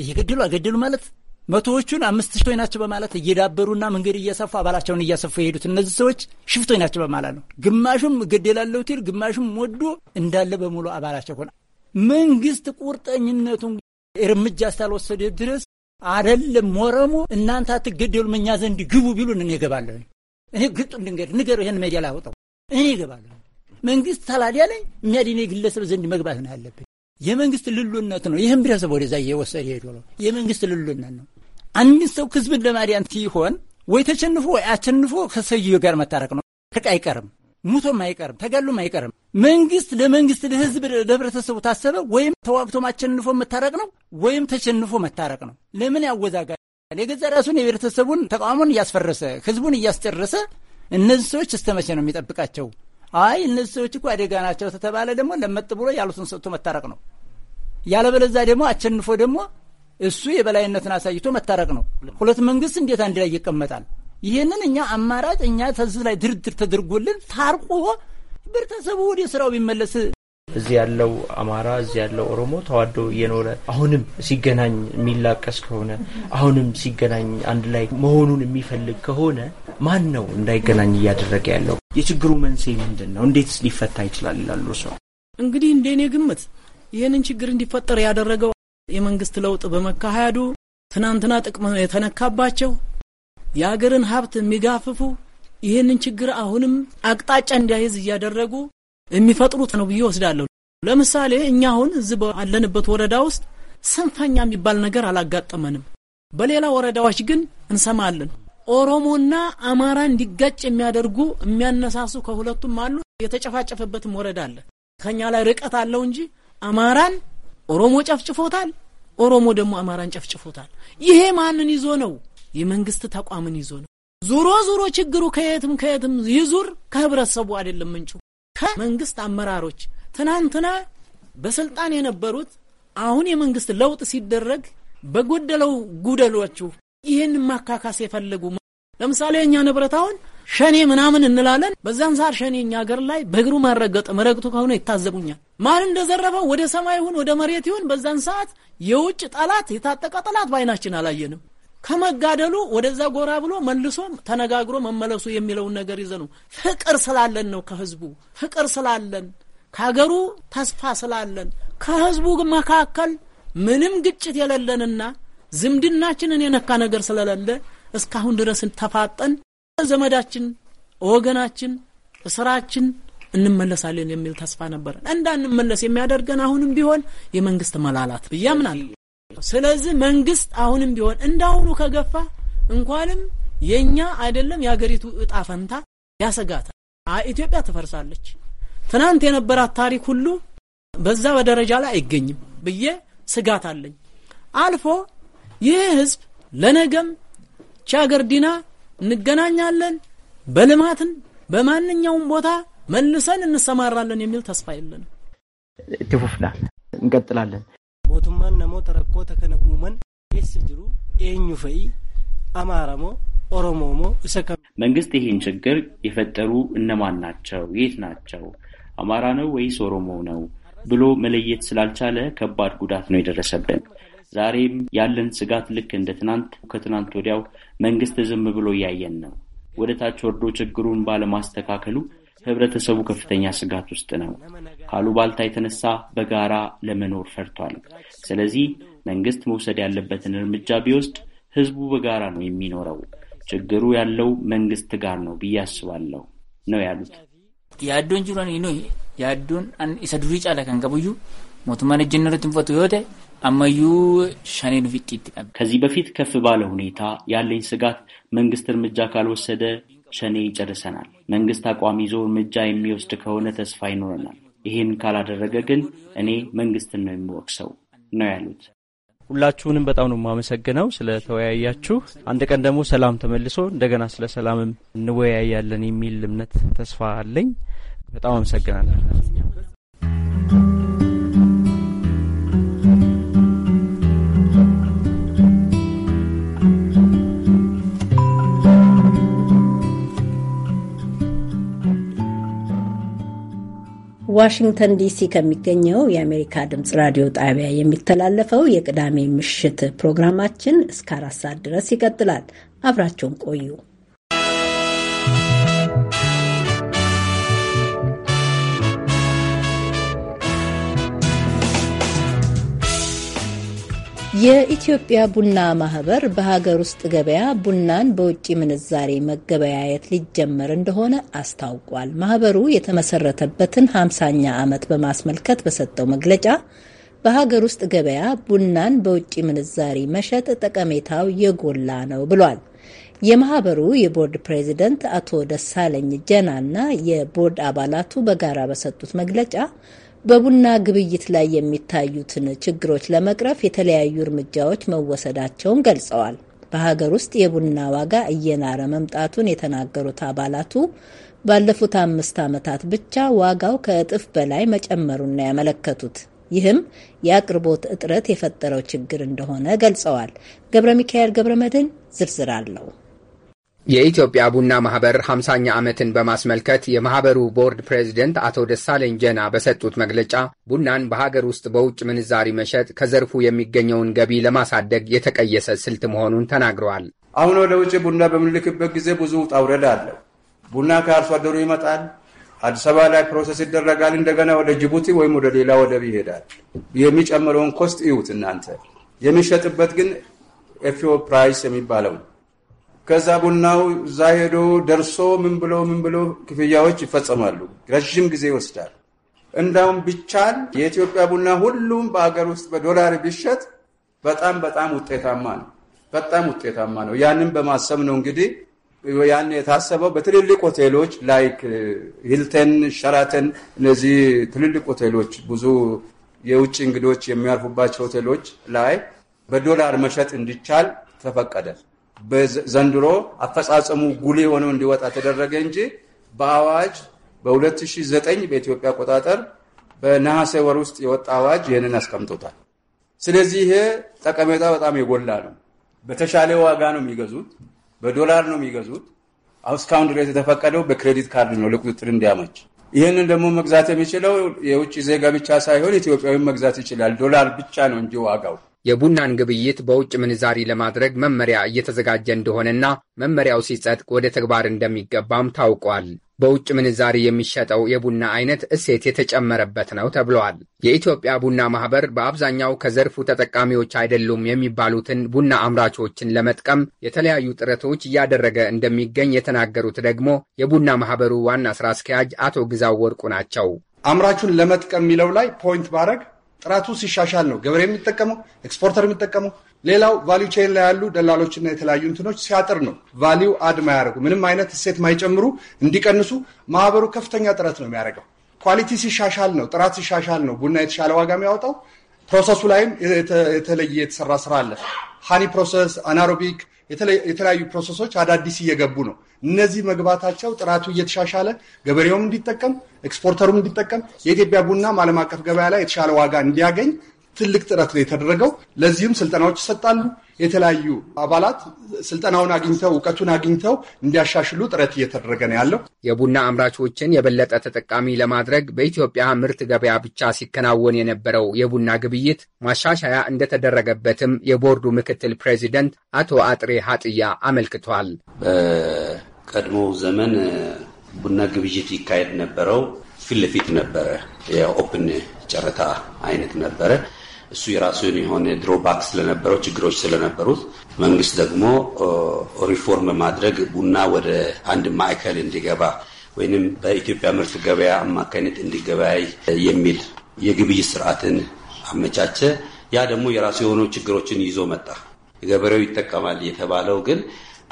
እየገደሉ አገደሉ ማለት መቶዎቹን አምስት ሽቶች ናቸው በማለት እየዳበሩና መንገድ እየሰፉ አባላቸውን እያሰፉ የሄዱት እነዚህ ሰዎች ሽፍቶች ናቸው በማለት ነው። ግማሹም እገደላለሁ ሲል፣ ግማሹም ወዶ እንዳለ በሙሉ አባላቸው ሆነ። መንግስት ቁርጠኝነቱን እርምጃ እስካልወሰደ ድረስ አደለም ሞረሙ እናንተ አትገደሉ እኛ ዘንድ ግቡ ቢሉን እኔ እገባለሁ። እኔ ግጡ እንድንገድ ንገሩ ይህን ሜዲያ ላይ አውጣው እኔ እገባለሁ። መንግስት ታላዲያ ላይ የሚያድኔ ግለሰብ ዘንድ መግባት ነው ያለብን። የመንግስት ልሉነት ነው። ይህም ብሔረሰብ ወደዛ እየወሰድ ሄዱ ነው የመንግስት ልሉነት ነው። አንድ ሰው ህዝብን ለማዳን ሲሆን ወይ ተሸንፎ ወይ አሸንፎ ከሰውዬው ጋር መታረቅ ነው። እርቅ አይቀርም፣ ሙቶም አይቀርም፣ ተጋሉም አይቀርም። መንግስት ለመንግስት ለህዝብ ለህብረተሰቡ ታሰበ ወይም ተዋግቶ አሸንፎ መታረቅ ነው ወይም ተሸንፎ መታረቅ ነው። ለምን ያወዛጋል? የገዛ ራሱን የብሔረተሰቡን ተቋሙን እያስፈረሰ ህዝቡን እያስጨረሰ እነዚህ ሰዎች እስተመቼ ነው የሚጠብቃቸው? አይ እነዚህ ሰዎች እኮ አደጋ ናቸው ተተባለ ደግሞ ለመጥ ብሎ ያሉትን ሰጥቶ መታረቅ ነው። ያለበለዛ ደግሞ አቸንፎ ደግሞ እሱ የበላይነትን አሳይቶ መታረቅ ነው። ሁለት መንግስት እንዴት አንድ ላይ ይቀመጣል? ይህንን እኛ አማራጭ እኛ ተዝ ላይ ድርድር ተደርጎልን ታርቆ ህብረተሰቡ ወደ ስራው ቢመለስ እዚህ ያለው አማራ እዚህ ያለው ኦሮሞ ተዋዶ እየኖረ አሁንም ሲገናኝ የሚላቀስ ከሆነ አሁንም ሲገናኝ አንድ ላይ መሆኑን የሚፈልግ ከሆነ ማን ነው እንዳይገናኝ እያደረገ ያለው? የችግሩ መንስኤ ምንድን ነው? እንዴትስ ሊፈታ ይችላል? ይላሉ ሰው። እንግዲህ እንደኔ ግምት ይህንን ችግር እንዲፈጠር ያደረገው የመንግስት ለውጥ በመካሄዱ ትናንትና ጥቅም የተነካባቸው የአገርን ሀብት የሚጋፍፉ ይህንን ችግር አሁንም አቅጣጫ እንዲያይዝ እያደረጉ የሚፈጥሩት ነው ብዬ ወስዳለሁ። ለምሳሌ እኛ አሁን እዚህ ባለንበት ወረዳ ውስጥ ስንፈኛ የሚባል ነገር አላጋጠመንም። በሌላ ወረዳዎች ግን እንሰማለን። ኦሮሞና አማራ እንዲጋጭ የሚያደርጉ የሚያነሳሱ ከሁለቱም አሉ። የተጨፋጨፈበትም ወረዳ አለ። ከኛ ላይ ርቀት አለው እንጂ አማራን ኦሮሞ ጨፍጭፎታል፣ ኦሮሞ ደግሞ አማራን ጨፍጭፎታል። ይሄ ማንን ይዞ ነው? የመንግስት ተቋምን ይዞ ነው። ዙሮ ዙሮ ችግሩ ከየትም ከየትም ይዙር ከህብረተሰቡ አይደለም ምንጩ ከመንግስት አመራሮች ትናንትና በስልጣን የነበሩት አሁን የመንግስት ለውጥ ሲደረግ በጎደለው ጉደሏችሁ ይህን ማካካስ የፈለጉ ለምሳሌ እኛ ንብረት አሁን ሸኔ ምናምን እንላለን። በዛን ሰዓት ሸኔ እኛ ሀገር ላይ በእግሩ ማረገጠ መረግጡ ከሆነ ይታዘቡኛል። ማን እንደዘረፈው ወደ ሰማይ ይሁን ወደ መሬት ይሁን በዛን ሰዓት የውጭ ጠላት የታጠቀ ጠላት በአይናችን አላየንም። ከመጋደሉ ወደዛ ጎራ ብሎ መልሶ ተነጋግሮ መመለሱ የሚለውን ነገር ይዘ ነው። ፍቅር ስላለን ነው። ከህዝቡ ፍቅር ስላለን፣ ከሀገሩ ተስፋ ስላለን፣ ከህዝቡ መካከል ምንም ግጭት የሌለንና ዝምድናችንን የነካ ነገር ስለሌለ እስካሁን ድረስ ተፋጠን ዘመዳችን ወገናችን ስራችን እንመለሳለን የሚል ተስፋ ነበረ። እንዳንመለስ የሚያደርገን አሁንም ቢሆን የመንግስት መላላት ብዬ ነው። ስለዚህ መንግስት አሁንም ቢሆን እንዳሁኑ ከገፋ እንኳንም የእኛ አይደለም የሀገሪቱ እጣ ፈንታ ያሰጋታል። ኢትዮጵያ ትፈርሳለች። ትናንት የነበራት ታሪክ ሁሉ በዛ በደረጃ ላይ አይገኝም ብዬ ስጋት አለኝ። አልፎ ይህ ህዝብ ለነገም ቻገር ዲና እንገናኛለን በልማትን በማንኛውም ቦታ መልሰን እንሰማራለን የሚል ተስፋ የለንም። ትፉፍና እንቀጥላለን። mootummaan namoota rakkoota kana uuman keessa jiru eenyu fa'i? አማራ መንግስት ይህን ችግር የፈጠሩ እነማን ናቸው? የት ናቸው? አማራ ነው ወይስ ኦሮሞ ነው ብሎ መለየት ስላልቻለ ከባድ ጉዳት ነው የደረሰብን። ዛሬም ያለን ስጋት ልክ እንደ ትናንት ከትናንት ወዲያው መንግስት ዝም ብሎ እያየን ነው። ወደ ታች ወርዶ ችግሩን ባለማስተካከሉ ህብረተሰቡ ከፍተኛ ስጋት ውስጥ ነው። ባልታ የተነሳ በጋራ ለመኖር ፈርቷል። ስለዚህ መንግስት መውሰድ ያለበትን እርምጃ ቢወስድ ህዝቡ በጋራ ነው የሚኖረው። ችግሩ ያለው መንግስት ጋር ነው ብዬ አስባለሁ ነው ያሉት። ያዶን ጅሮን ኖ ያዶን እሰ ዱሪ ጫላ ከንገብዩ ሞቱማን ጀነረት ንፈቱ ህይወቴ አማዩ ሸኔን ፊት ከዚህ በፊት ከፍ ባለ ሁኔታ ያለኝ ስጋት መንግስት እርምጃ ካልወሰደ ሸኔ ይጨርሰናል። መንግስት አቋም ይዞ እርምጃ የሚወስድ ከሆነ ተስፋ ይኖረናል። ይህን ካላደረገ ግን እኔ መንግስትን ነው የሚወቅሰው ነው ያሉት። ሁላችሁንም በጣም ነው የማመሰግነው ስለተወያያችሁ። አንድ ቀን ደግሞ ሰላም ተመልሶ እንደገና ስለ ሰላምም እንወያያለን የሚል እምነት ተስፋ አለኝ። በጣም አመሰግናለሁ። ዋሽንግተን ዲሲ ከሚገኘው የአሜሪካ ድምፅ ራዲዮ ጣቢያ የሚተላለፈው የቅዳሜ ምሽት ፕሮግራማችን እስከ አራት ሰዓት ድረስ ይቀጥላል። አብራቸውን ቆዩ። የኢትዮጵያ ቡና ማህበር በሀገር ውስጥ ገበያ ቡናን በውጭ ምንዛሬ መገበያየት ሊጀመር እንደሆነ አስታውቋል። ማህበሩ የተመሰረተበትን ሃምሳኛ ዓመት በማስመልከት በሰጠው መግለጫ በሀገር ውስጥ ገበያ ቡናን በውጭ ምንዛሪ መሸጥ ጠቀሜታው የጎላ ነው ብሏል። የማህበሩ የቦርድ ፕሬዚደንት አቶ ደሳለኝ ጀና እና የቦርድ አባላቱ በጋራ በሰጡት መግለጫ በቡና ግብይት ላይ የሚታዩትን ችግሮች ለመቅረፍ የተለያዩ እርምጃዎች መወሰዳቸውን ገልጸዋል። በሀገር ውስጥ የቡና ዋጋ እየናረ መምጣቱን የተናገሩት አባላቱ ባለፉት አምስት ዓመታት ብቻ ዋጋው ከእጥፍ በላይ መጨመሩን ነው ያመለከቱት። ይህም የአቅርቦት እጥረት የፈጠረው ችግር እንደሆነ ገልጸዋል። ገብረ ሚካኤል ገብረ መድን ዝርዝር አለው። የኢትዮጵያ ቡና ማህበር 50ኛ ዓመትን በማስመልከት የማህበሩ ቦርድ ፕሬዚደንት አቶ ደሳለኝ ጀና በሰጡት መግለጫ ቡናን በሀገር ውስጥ በውጭ ምንዛሪ መሸጥ ከዘርፉ የሚገኘውን ገቢ ለማሳደግ የተቀየሰ ስልት መሆኑን ተናግረዋል። አሁን ወደ ውጭ ቡና በምንልክበት ጊዜ ብዙ ውጣ ውረድ አለው። ቡና ከአርሶ አደሩ ይመጣል። አዲስ አበባ ላይ ፕሮሰስ ይደረጋል። እንደገና ወደ ጅቡቲ ወይም ወደ ሌላ ወደብ ይሄዳል። የሚጨምረውን ኮስት እዩት እናንተ። የሚሸጥበት ግን ኤፍኦ ፕራይስ የሚባለው ነው ከዛ ቡናው እዛ ሄዶ ደርሶ ምን ብሎ ምን ብሎ ክፍያዎች ይፈጸማሉ። ረዥም ጊዜ ይወስዳል። እንዳውም ቢቻል የኢትዮጵያ ቡና ሁሉም በአገር ውስጥ በዶላር ቢሸጥ በጣም በጣም ውጤታማ ነው። በጣም ውጤታማ ነው። ያንን በማሰብ ነው እንግዲህ ያን የታሰበው በትልልቅ ሆቴሎች ላይክ ሂልተን፣ ሸራተን እነዚህ ትልልቅ ሆቴሎች ብዙ የውጭ እንግዶች የሚያርፉባቸው ሆቴሎች ላይ በዶላር መሸጥ እንዲቻል ተፈቀደ። ዘንድሮ አፈጻጸሙ ጉል ሆኖ እንዲወጣ ተደረገ እንጂ በአዋጅ በ2009 በኢትዮጵያ አቆጣጠር በነሐሴ ወር ውስጥ የወጣ አዋጅ ይህንን አስቀምጦታል። ስለዚህ ይሄ ጠቀሜታ በጣም የጎላ ነው። በተሻለ ዋጋ ነው የሚገዙት፣ በዶላር ነው የሚገዙት። እስካሁን ድረስ የተፈቀደው በክሬዲት ካርድ ነው ለቁጥጥር እንዲያመች። ይህንን ደግሞ መግዛት የሚችለው የውጭ ዜጋ ብቻ ሳይሆን ኢትዮጵያዊ መግዛት ይችላል። ዶላር ብቻ ነው እንጂ ዋጋው የቡናን ግብይት በውጭ ምንዛሪ ለማድረግ መመሪያ እየተዘጋጀ እንደሆነና መመሪያው ሲጸድቅ ወደ ተግባር እንደሚገባም ታውቋል። በውጭ ምንዛሪ የሚሸጠው የቡና አይነት እሴት የተጨመረበት ነው ተብለዋል። የኢትዮጵያ ቡና ማህበር በአብዛኛው ከዘርፉ ተጠቃሚዎች አይደሉም የሚባሉትን ቡና አምራቾችን ለመጥቀም የተለያዩ ጥረቶች እያደረገ እንደሚገኝ የተናገሩት ደግሞ የቡና ማህበሩ ዋና ስራ አስኪያጅ አቶ ግዛው ወርቁ ናቸው። አምራቹን ለመጥቀም የሚለው ላይ ፖይንት ባረግ ጥራቱ ሲሻሻል ነው ገበሬ የሚጠቀመው፣ ኤክስፖርተር የሚጠቀመው። ሌላው ቫሊው ቼን ላይ ያሉ ደላሎችና የተለያዩ እንትኖች ሲያጥር ነው። ቫሊው አድ ማያደርጉ ምንም አይነት እሴት ማይጨምሩ እንዲቀንሱ ማህበሩ ከፍተኛ ጥረት ነው የሚያደርገው። ኳሊቲ ሲሻሻል ነው፣ ጥራት ሲሻሻል ነው ቡና የተሻለ ዋጋ የሚያወጣው። ፕሮሰሱ ላይም የተለየ የተሰራ ስራ አለ። ሃኒ ፕሮሰስ፣ አናሮቢክ የተለያዩ ፕሮሰሶች አዳዲስ እየገቡ ነው። እነዚህ መግባታቸው ጥራቱ እየተሻሻለ ገበሬውም እንዲጠቀም ኤክስፖርተሩም እንዲጠቀም የኢትዮጵያ ቡናም ዓለም አቀፍ ገበያ ላይ የተሻለ ዋጋ እንዲያገኝ ትልቅ ጥረት ነው የተደረገው። ለዚህም ስልጠናዎች ይሰጣሉ። የተለያዩ አባላት ስልጠናውን አግኝተው እውቀቱን አግኝተው እንዲያሻሽሉ ጥረት እየተደረገ ነው ያለው። የቡና አምራቾችን የበለጠ ተጠቃሚ ለማድረግ በኢትዮጵያ ምርት ገበያ ብቻ ሲከናወን የነበረው የቡና ግብይት ማሻሻያ እንደተደረገበትም የቦርዱ ምክትል ፕሬዚደንት አቶ አጥሬ ሀጥያ አመልክቷል። በቀድሞ ዘመን ቡና ግብይት ይካሄድ ነበረው። ፊት ለፊት ነበረ፣ የኦፕን ጨረታ አይነት ነበረ። እሱ የራሱ የሆነ ድሮባክ ስለነበረው ችግሮች ስለነበሩት መንግስት ደግሞ ሪፎርም ማድረግ ቡና ወደ አንድ ማዕከል እንዲገባ ወይንም በኢትዮጵያ ምርት ገበያ አማካኝነት እንዲገበያይ የሚል የግብይት ስርዓትን አመቻቸ። ያ ደግሞ የራሱ የሆኑ ችግሮችን ይዞ መጣ። ገበሬው ይጠቀማል የተባለው ግን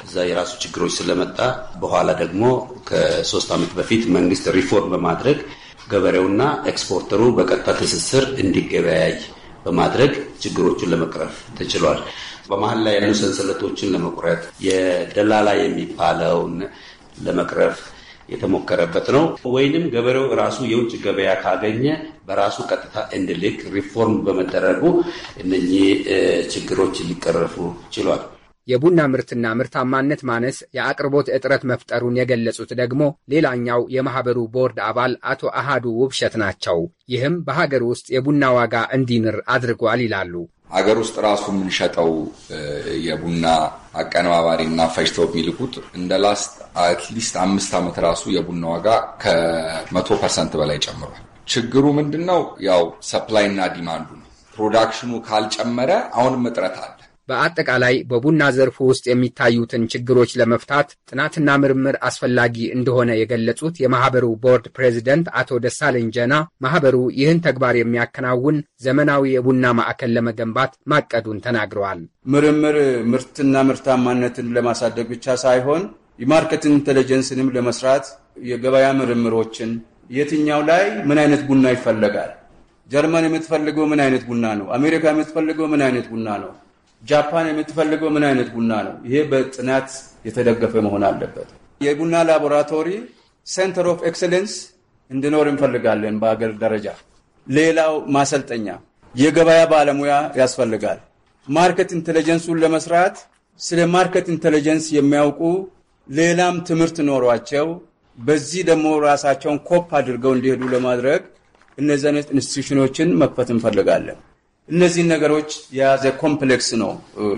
እዛ የራሱ ችግሮች ስለመጣ በኋላ ደግሞ ከሶስት ዓመት በፊት መንግስት ሪፎርም በማድረግ ገበሬውና ኤክስፖርተሩ በቀጥታ ትስስር እንዲገበያይ በማድረግ ችግሮቹን ለመቅረፍ ተችሏል። በመሀል ላይ ያሉ ሰንሰለቶችን ለመቁረጥ የደላላ የሚባለውን ለመቅረፍ የተሞከረበት ነው። ወይንም ገበሬው ራሱ የውጭ ገበያ ካገኘ በራሱ ቀጥታ እንድልክ ሪፎርም በመደረጉ እነኚህ ችግሮች ሊቀረፉ ችሏል። የቡና ምርትና ምርታማነት ማነስ የአቅርቦት እጥረት መፍጠሩን የገለጹት ደግሞ ሌላኛው የማኅበሩ ቦርድ አባል አቶ አሃዱ ውብሸት ናቸው። ይህም በሀገር ውስጥ የቡና ዋጋ እንዲንር አድርጓል ይላሉ። ሀገር ውስጥ ራሱ የምንሸጠው የቡና አቀነባባሪና ፈጭተው የሚልኩት እንደ ላስት አትሊስት አምስት ዓመት ራሱ የቡና ዋጋ ከመቶ ፐርሰንት በላይ ጨምሯል። ችግሩ ምንድን ነው? ያው እና ዲማንዱ ነው። ፕሮዳክሽኑ ካልጨመረ አሁንም እጥረት አለ። በአጠቃላይ በቡና ዘርፉ ውስጥ የሚታዩትን ችግሮች ለመፍታት ጥናትና ምርምር አስፈላጊ እንደሆነ የገለጹት የማህበሩ ቦርድ ፕሬዚደንት አቶ ደሳለኝ ጀና ማህበሩ ይህን ተግባር የሚያከናውን ዘመናዊ የቡና ማዕከል ለመገንባት ማቀዱን ተናግረዋል። ምርምር ምርትና ምርታማነትን ለማሳደግ ብቻ ሳይሆን የማርኬት ኢንቴሊጀንስንም ለመስራት የገበያ ምርምሮችን የትኛው ላይ ምን አይነት ቡና ይፈለጋል፣ ጀርመን የምትፈልገው ምን አይነት ቡና ነው፣ አሜሪካ የምትፈልገው ምን አይነት ቡና ነው ጃፓን የምትፈልገው ምን አይነት ቡና ነው? ይሄ በጥናት የተደገፈ መሆን አለበት። የቡና ላቦራቶሪ ሴንተር ኦፍ ኤክሰለንስ እንዲኖር እንፈልጋለን። በሀገር ደረጃ ሌላው ማሰልጠኛ፣ የገበያ ባለሙያ ያስፈልጋል። ማርኬት ኢንቴሊጀንሱን ለመስራት ስለ ማርኬት ኢንቴሊጀንስ የሚያውቁ ሌላም ትምህርት ኖሯቸው በዚህ ደግሞ ራሳቸውን ኮፕ አድርገው እንዲሄዱ ለማድረግ እነዚህ አይነት ኢንስቲቱሽኖችን መክፈት እንፈልጋለን። እነዚህን ነገሮች የያዘ ኮምፕሌክስ ነው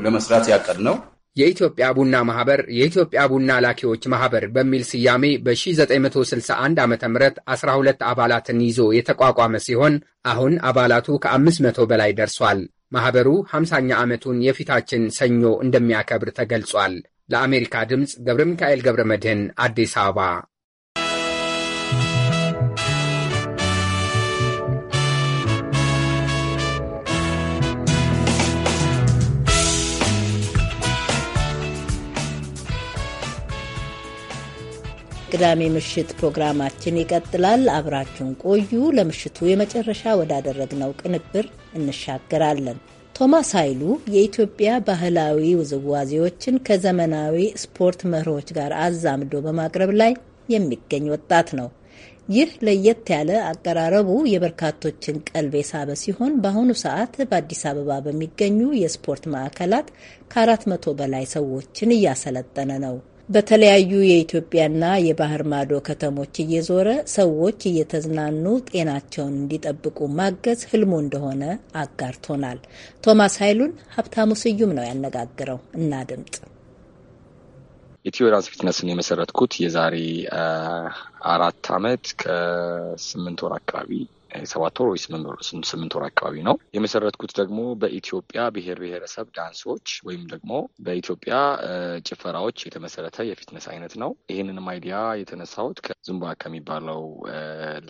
ለመስራት ያቀድ ነው። የኢትዮጵያ ቡና ማህበር የኢትዮጵያ ቡና ላኪዎች ማህበር በሚል ስያሜ በ1961 ዓ ም 12 አባላትን ይዞ የተቋቋመ ሲሆን አሁን አባላቱ ከ500 በላይ ደርሷል። ማኅበሩ 50ኛ ዓመቱን የፊታችን ሰኞ እንደሚያከብር ተገልጿል። ለአሜሪካ ድምፅ ገብረ ሚካኤል ገብረ መድህን አዲስ አበባ የቅዳሜ ምሽት ፕሮግራማችን ይቀጥላል። አብራችሁን ቆዩ። ለምሽቱ የመጨረሻ ወዳደረግነው ቅንብር እንሻገራለን። ቶማስ ኃይሉ የኢትዮጵያ ባህላዊ ውዝዋዜዎችን ከዘመናዊ ስፖርት መርሆች ጋር አዛምዶ በማቅረብ ላይ የሚገኝ ወጣት ነው። ይህ ለየት ያለ አቀራረቡ የበርካቶችን ቀልብ የሳበ ሲሆን በአሁኑ ሰዓት በአዲስ አበባ በሚገኙ የስፖርት ማዕከላት ከአራት መቶ በላይ ሰዎችን እያሰለጠነ ነው። በተለያዩ የኢትዮጵያና የባህር ማዶ ከተሞች እየዞረ ሰዎች እየተዝናኑ ጤናቸውን እንዲጠብቁ ማገዝ ህልሙ እንደሆነ አጋርቶናል። ቶማስ ኃይሉን ሀብታሙ ስዩም ነው ያነጋግረው። እናድምጥ። ኢትዮ ፊትነስን የመሰረትኩት የዛሬ አራት አመት ከስምንት ወር አካባቢ ሰባት ወር ወይ ስምንት ወር አካባቢ ነው። የመሰረትኩት ደግሞ በኢትዮጵያ ብሔር ብሔረሰብ ዳንሶች ወይም ደግሞ በኢትዮጵያ ጭፈራዎች የተመሰረተ የፊትነስ አይነት ነው። ይህንንም አይዲያ የተነሳሁት ከዝምባ ከሚባለው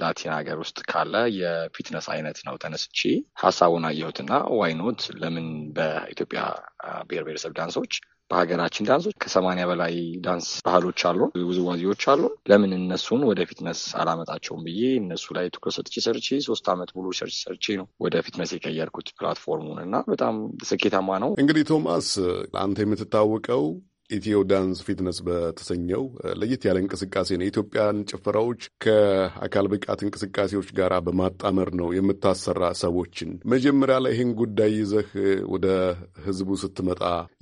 ላቲን ሀገር ውስጥ ካለ የፊትነስ አይነት ነው ተነስቼ ሀሳቡን አየሁትና ዋይኖት ለምን በኢትዮጵያ ብሔር ብሔረሰብ ዳንሶች በሀገራችን ዳንሶች ከሰማንያ በላይ ዳንስ ባህሎች አሉ፣ ውዝዋዜዎች አሉ። ለምን እነሱን ወደ ፊትነስ አላመጣቸውም ብዬ እነሱ ላይ ትኩረት ሰጥቼ ሰርቼ ሶስት አመት ሙሉ ሰርች ሰርቼ ነው ወደ ፊትነስ የቀየርኩት ፕላትፎርሙን እና በጣም ስኬታማ ነው። እንግዲህ ቶማስ ለአንተ የምትታወቀው ኢትዮ ዳንስ ፊትነስ በተሰኘው ለየት ያለ እንቅስቃሴ ነው። የኢትዮጵያን ጭፈራዎች ከአካል ብቃት እንቅስቃሴዎች ጋር በማጣመር ነው የምታሰራ ሰዎችን። መጀመሪያ ላይ ይህን ጉዳይ ይዘህ ወደ ህዝቡ ስትመጣ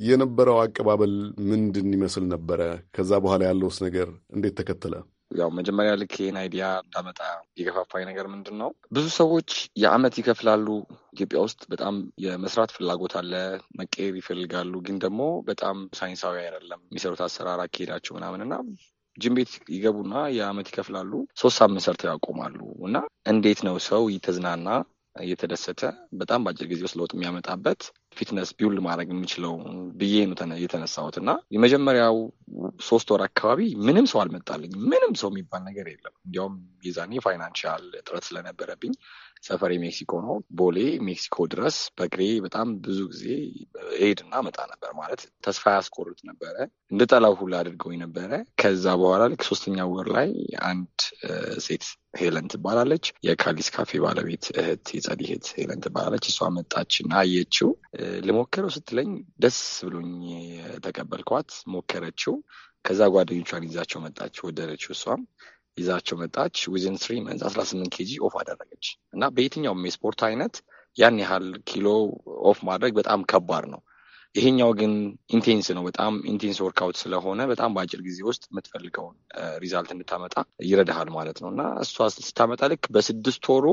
የነበረው አቀባበል ምንድን ይመስል ነበረ? ከዛ በኋላ ያለውስ ነገር እንዴት ተከተለ? ያው መጀመሪያ ልክ ይህን አይዲያ እንዳመጣ የገፋፋኝ ነገር ምንድን ነው? ብዙ ሰዎች የአመት ይከፍላሉ። ኢትዮጵያ ውስጥ በጣም የመስራት ፍላጎት አለ፣ መቀየር ይፈልጋሉ። ግን ደግሞ በጣም ሳይንሳዊ አይደለም የሚሰሩት አሰራር፣ አካሄዳቸው ምናምን እና ጅም ቤት ይገቡና የአመት ይከፍላሉ፣ ሶስት ሳምንት ሰርተው ያቆማሉ። እና እንዴት ነው ሰው እየተዝናና እየተደሰተ በጣም በአጭር ጊዜ ውስጥ ለውጥ የሚያመጣበት ፊትነስ ቢውል ማድረግ የምችለው ብዬ ነው የተነሳሁት እና የመጀመሪያው ሶስት ወር አካባቢ ምንም ሰው አልመጣልኝ። ምንም ሰው የሚባል ነገር የለም። እንዲያውም የዛኔ ፋይናንሻል እጥረት ስለነበረብኝ ሰፈሬ ሜክሲኮ ነው። ቦሌ ሜክሲኮ ድረስ በእግሬ በጣም ብዙ ጊዜ ሄድና መጣ ነበር። ማለት ተስፋ ያስቆርጥ ነበረ። ጠላው ሁሉ አድርገውኝ ነበረ። ከዛ በኋላ ልክ ሶስተኛ ወር ላይ አንድ ሴት ሄለን ትባላለች። የካሊስ ካፌ ባለቤት እህት የጸድ እህት ሄለን ትባላለች። እሷ እና አየችው። ልሞክረው ስትለኝ ደስ ብሎኝ ተቀበልኳት። ሞከረችው። ከዛ ጓደኞቿን ይዛቸው መጣች። ወደረችው እሷም ይዛቸው መጣች። ዊዝን ስሪ መንዝ አስራ ስምንት ኬጂ ኦፍ አደረገች እና በየትኛውም የስፖርት አይነት ያን ያህል ኪሎ ኦፍ ማድረግ በጣም ከባድ ነው። ይሄኛው ግን ኢንቴንስ ነው። በጣም ኢንቴንስ ወርክአውት ስለሆነ በጣም በአጭር ጊዜ ውስጥ የምትፈልገውን ሪዛልት እንድታመጣ ይረዳሃል ማለት ነው እና እሷ ስታመጣ ልክ በስድስት ወሩ